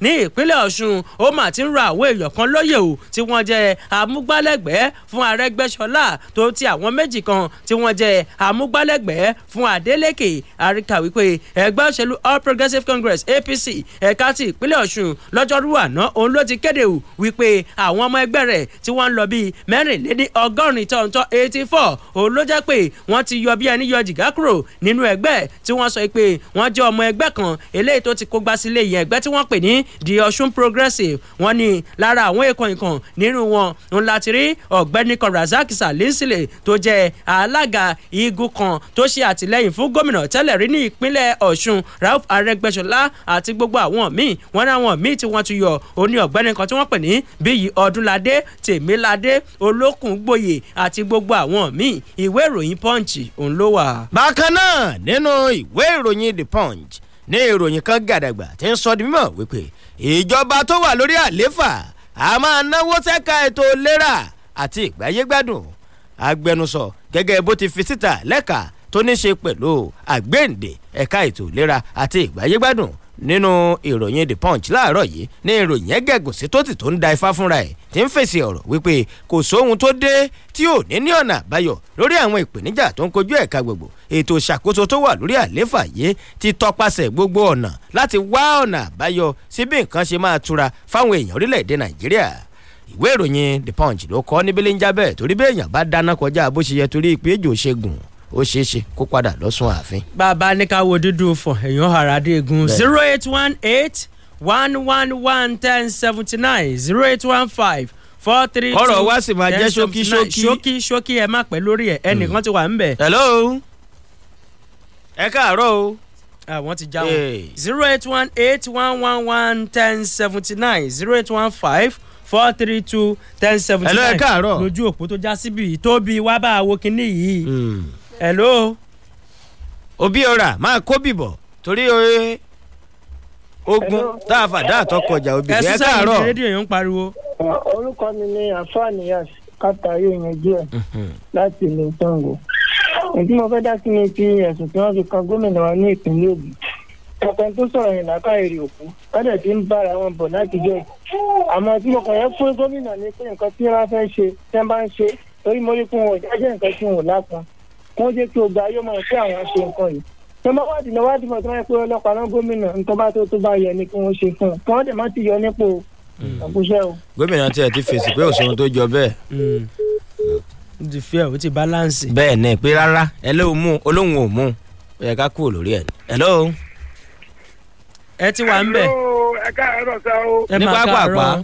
ní ìpínlẹ̀ ọ̀ṣun ó mà ti ń ra àwọn èèyàn kan lóyè o tí wọ́n jẹ amúgbálẹ́gbẹ̀ẹ́ fún arẹ́gbẹ́sọlá tó ti àwọn méjì kan tí wọ́n jẹ́ amúgbálẹ́gbẹ̀ẹ́ fún Adeleke àríkà wípé ẹgbẹ́ òṣèlú All Progressives Congress APC ẹ̀ka ti ìpínlẹ̀ Ọ̀ṣun lọ́jọ́rú àná òun ló ti kéde wípé àwọn ọmọ ẹgbẹ́ rẹ̀ tí wọ́n ń lọ bíi mẹ́rìnléní ọgọ́rin tọ̀ntọ̀ eighty four òun ló jẹ́ pé wọ́n ti yọ bí ẹni yọ jìgá kúrò nínú ẹgbẹ́ tí wọ́n sọ pé wọ́n jẹ́ ọmọ ẹgbẹ́ kan eléyìí tó ti kó gbá sílé yẹn ẹgbẹ́ tí wọ́n pè ní the Ọ̀ṣun Progressive wọ́n ní lára àwọn èèkàn ìkàn nínú wọn òun láti rí ọ̀gbẹ́ni kan Razak Salinsile tó jẹ́ alága igun kan tó ṣe àtìlẹ́yìn fún gómìnà tẹ́lẹ̀ rí ní ìpínlẹ̀ ọ̀ṣun ralph arẹ́gbẹ́ṣọlá àti gbogbo àwọn míì wọn ráwọn míì tí wọ́n ti yọ òní ọ̀gbẹ́ni kan tí wọ́n pè ní bíyì ọdúnládé tèmíládé olókùngbòyè àti gbogbo àwọn míì ìwé ìròyìn punch òun ló wà. bákan náà nínú ìwé ìròyìn the punch ní ìròyìn kan gàdàgbà tí ń sọ di mímọ̀ wípé ìjọba tó wà lórí àlééfà a máa náwó sẹ́ka ètò ìlera àti ìgbáyégbádùn agbẹnusọ gẹ́gẹ́ bó ti fi síta lẹ́ka tó ní ṣe pẹ̀lú àgbéǹde ẹ̀ka ètò ìlera àti ìgbáyégbádùn nínú ìròyìn the punch láàárọ̀ yìí ní ìròyìn ẹgẹgùn sí tó ti tó ń da ifá fúnra ẹ̀ tí ń fèsì ọ̀rọ̀ wípé kò sóhun tó dé tí ò ní ní ọ̀nà àbáyọ lórí àwọn ìpèníjà tó ń kojú ẹ̀ka gbogbo ètò ìṣàkóso tó wà lórí àléfà yìí ti tọpasẹ̀ gbogbo ọ̀nà láti wá ọ̀nà àbáyọ sí bí nǹkan ṣe máa tura fáwọn èèyàn orílẹ̀-èdè nàìjíríà ìwé ìròyìn the punch ló kọ ní bílí ń jábẹ́ torí bí èèyàn bá dáná kọjá bó ṣe yẹ torí ìpè èjò ṣègùn ó ṣeé ṣe kó padà lọ́sùn ààfin. bàbá ní ká wo dúdú fọ èèyàn àràdé egun zero eight one eight one one one ten seventy nine zero eight one five four three two ọ̀rọ̀ wa sì máa jẹ́ ṣókí ṣókí ṣókí ṣókí ẹ má pẹ́ lórí ẹ̀ ẹnìkan hmm. ti wà ń bẹ̀. hello ẹ káàárọ̀ o àwọn ti já zero eight one eight one one one ten seventy nine zero eight one five four three two ten seventy nine lójú òpó tó já síbi tóbi wá wo kinní yìí hmm. hello. òbí ọ̀rà máa kó bìbọ̀ torí oye eh, ogun tá a fà dáàtọ kọjá òbí ẹ káàárọ̀. ẹ sísá rédíò orúkọ mi ni àfáàní yas kátàrí yẹn díẹ̀ hmm. láti ilé Ṣàngó. ìdí mo fẹ́ dá sí mi ti ẹ̀sùn tí wọ́n fi kan gómìnà wa ní ìpínlẹ̀ Ògùn ọkàn tó sọ̀rọ̀ yẹn nàka èrè òkú kọ́dẹ̀ tí ń bára wọn bọ̀ látijọ́ àmọ́ tí mo kàn yẹn fún gómìnà ni pé nǹkan tí wọ́n fẹ́ ṣe tẹ́ bá ń ṣe torí mo rí kún wọn ìdájọ́ nǹkan tí wọn ò lápọn kó jẹ́ kí o gba ayé máa ṣe àwọn ṣe nǹkan yìí tó bá wádìí lọ wádìí mọ̀ tó wáyé pé ọlọ́pàá náà gómìnà nǹkan bá tó tó bá yẹ ni kí wọ́n ṣe fún un kí wọ́n dẹ̀ má ti yọ nípò hmm. balance. bẹ́ẹ̀ ni pé rárá ẹ lóun mú olóhùn ò mú hello ẹ ti wà ń bẹ̀. ẹ káàárọ̀ sá o. ẹ máa káàárọ̀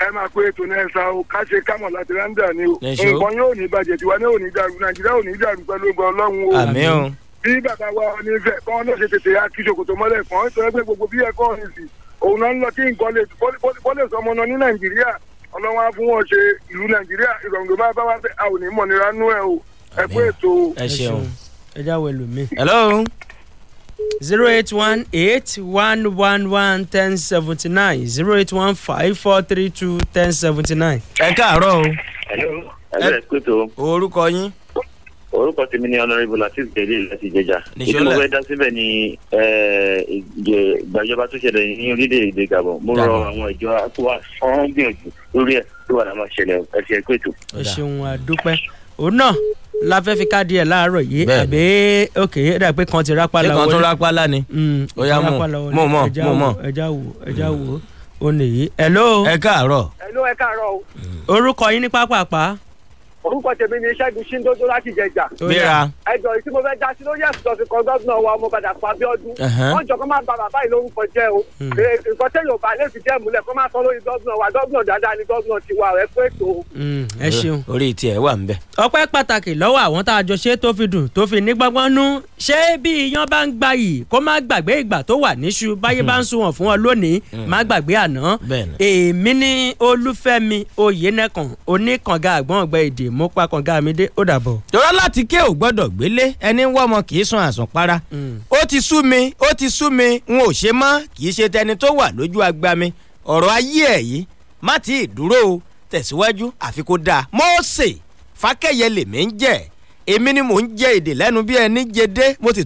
ẹ máa pé ètò náà ṣá o ká ṣe kámọ̀ láti rándà ni o nǹkan yóò ní bàjẹ́ tiwa ní òní dàrú nàìjíríà òní dàrú pẹ̀lú ọgbà ọlọ́run o. àmín o. bí bàbá wa ní fẹ́ kọ́ ọ́n náà ṣe tètè àti ṣòkòtò mọ́lẹ̀ kan ṣe é pé gbogbo bí ẹ̀kọ́ ọ̀hún sì òun náà ń lọ kí nǹkan lè bọ́lẹ̀ ẹ o ẹ ẹ ṣeun hello zero eight one eight one one one ten seventy nine zero eight one five four three two ten seventy nine. ẹ káàárọ̀ o. ẹ ẹ kúto. orúkọ yín. orúkọ tèmi ni honourable latif beli láti ìjẹjà. ìdí mo dá síbẹ̀ ni gbàjọba tó ṣẹlẹ̀ ní orílẹ̀-èdè gabon mo rọ àwọn ìjọ àkúwà ọ̀hún gbìyànjú lórí ẹ̀ tó wà láwọn ṣẹlẹ̀ ẹ̀sìn ẹ̀kú ètò. ẹ ṣeun àdúpẹ́ òun náà la fẹ́ fi káàdì ẹ̀ láàárọ̀ yìí àbí ok ẹ dà pé kan ti rápálá wọlé kan tún rápálá ni mm, ó yá mọ̀ mọ̀ mọ̀ mọ̀ mọ̀ ẹja wò ẹja wò ó nìyí. hello. ẹ káàárọ̀. hello ẹ káàárọ̀ o. orúkọ yín ní pápápá orúkọ tèmi ni ṣẹ́gun ṣíndójú láti jẹjà. ẹjọ́ ìsí mo fẹ́ já sí lórí ẹ̀sùn tọ́sí kan gómìnà wa ọmọ padà fún Abíọ́dún. wọ́n jọ kó máa ba bàbá yìí lórúkọ jẹ́ o. Hmm. nǹkan tẹ́ Yorùbá lè fi jẹ́ múlẹ̀ kó máa sọ lórí gómìnà wa gómìnà dáadáa ni gómìnà ti wà rẹ̀ fún ètò. Hmm, ẹ ṣeun orí tiẹ̀ wà ń bẹ̀. ọpẹ́ pàtàkì lọ́wọ́ àwọn tá a jọ ṣe tó fi dùn tó fi ní gbọ́ngbọ́n nú ṣé bí mú pákàngá mi dé ó dàbọ̀. tọ́lá láti ké ò gbọ́dọ̀ gbélé ẹni wọ́n ọmọ kì í sun àsùn para. Mm. ó ti sú mi ó ti sú mi n ò ṣe mọ́ kì í ṣe tẹni tó wà lójú agba ọ̀rọ̀ ayé ẹ̀ yìí má ti dúró o tẹ̀síwájú àfi kó dáa. mọ́ọ̀sì fákẹ́yẹ lèmi ń jẹ́ èmi ni mò ń jẹ èdè lẹ́nu bí ẹni jẹdé mo sì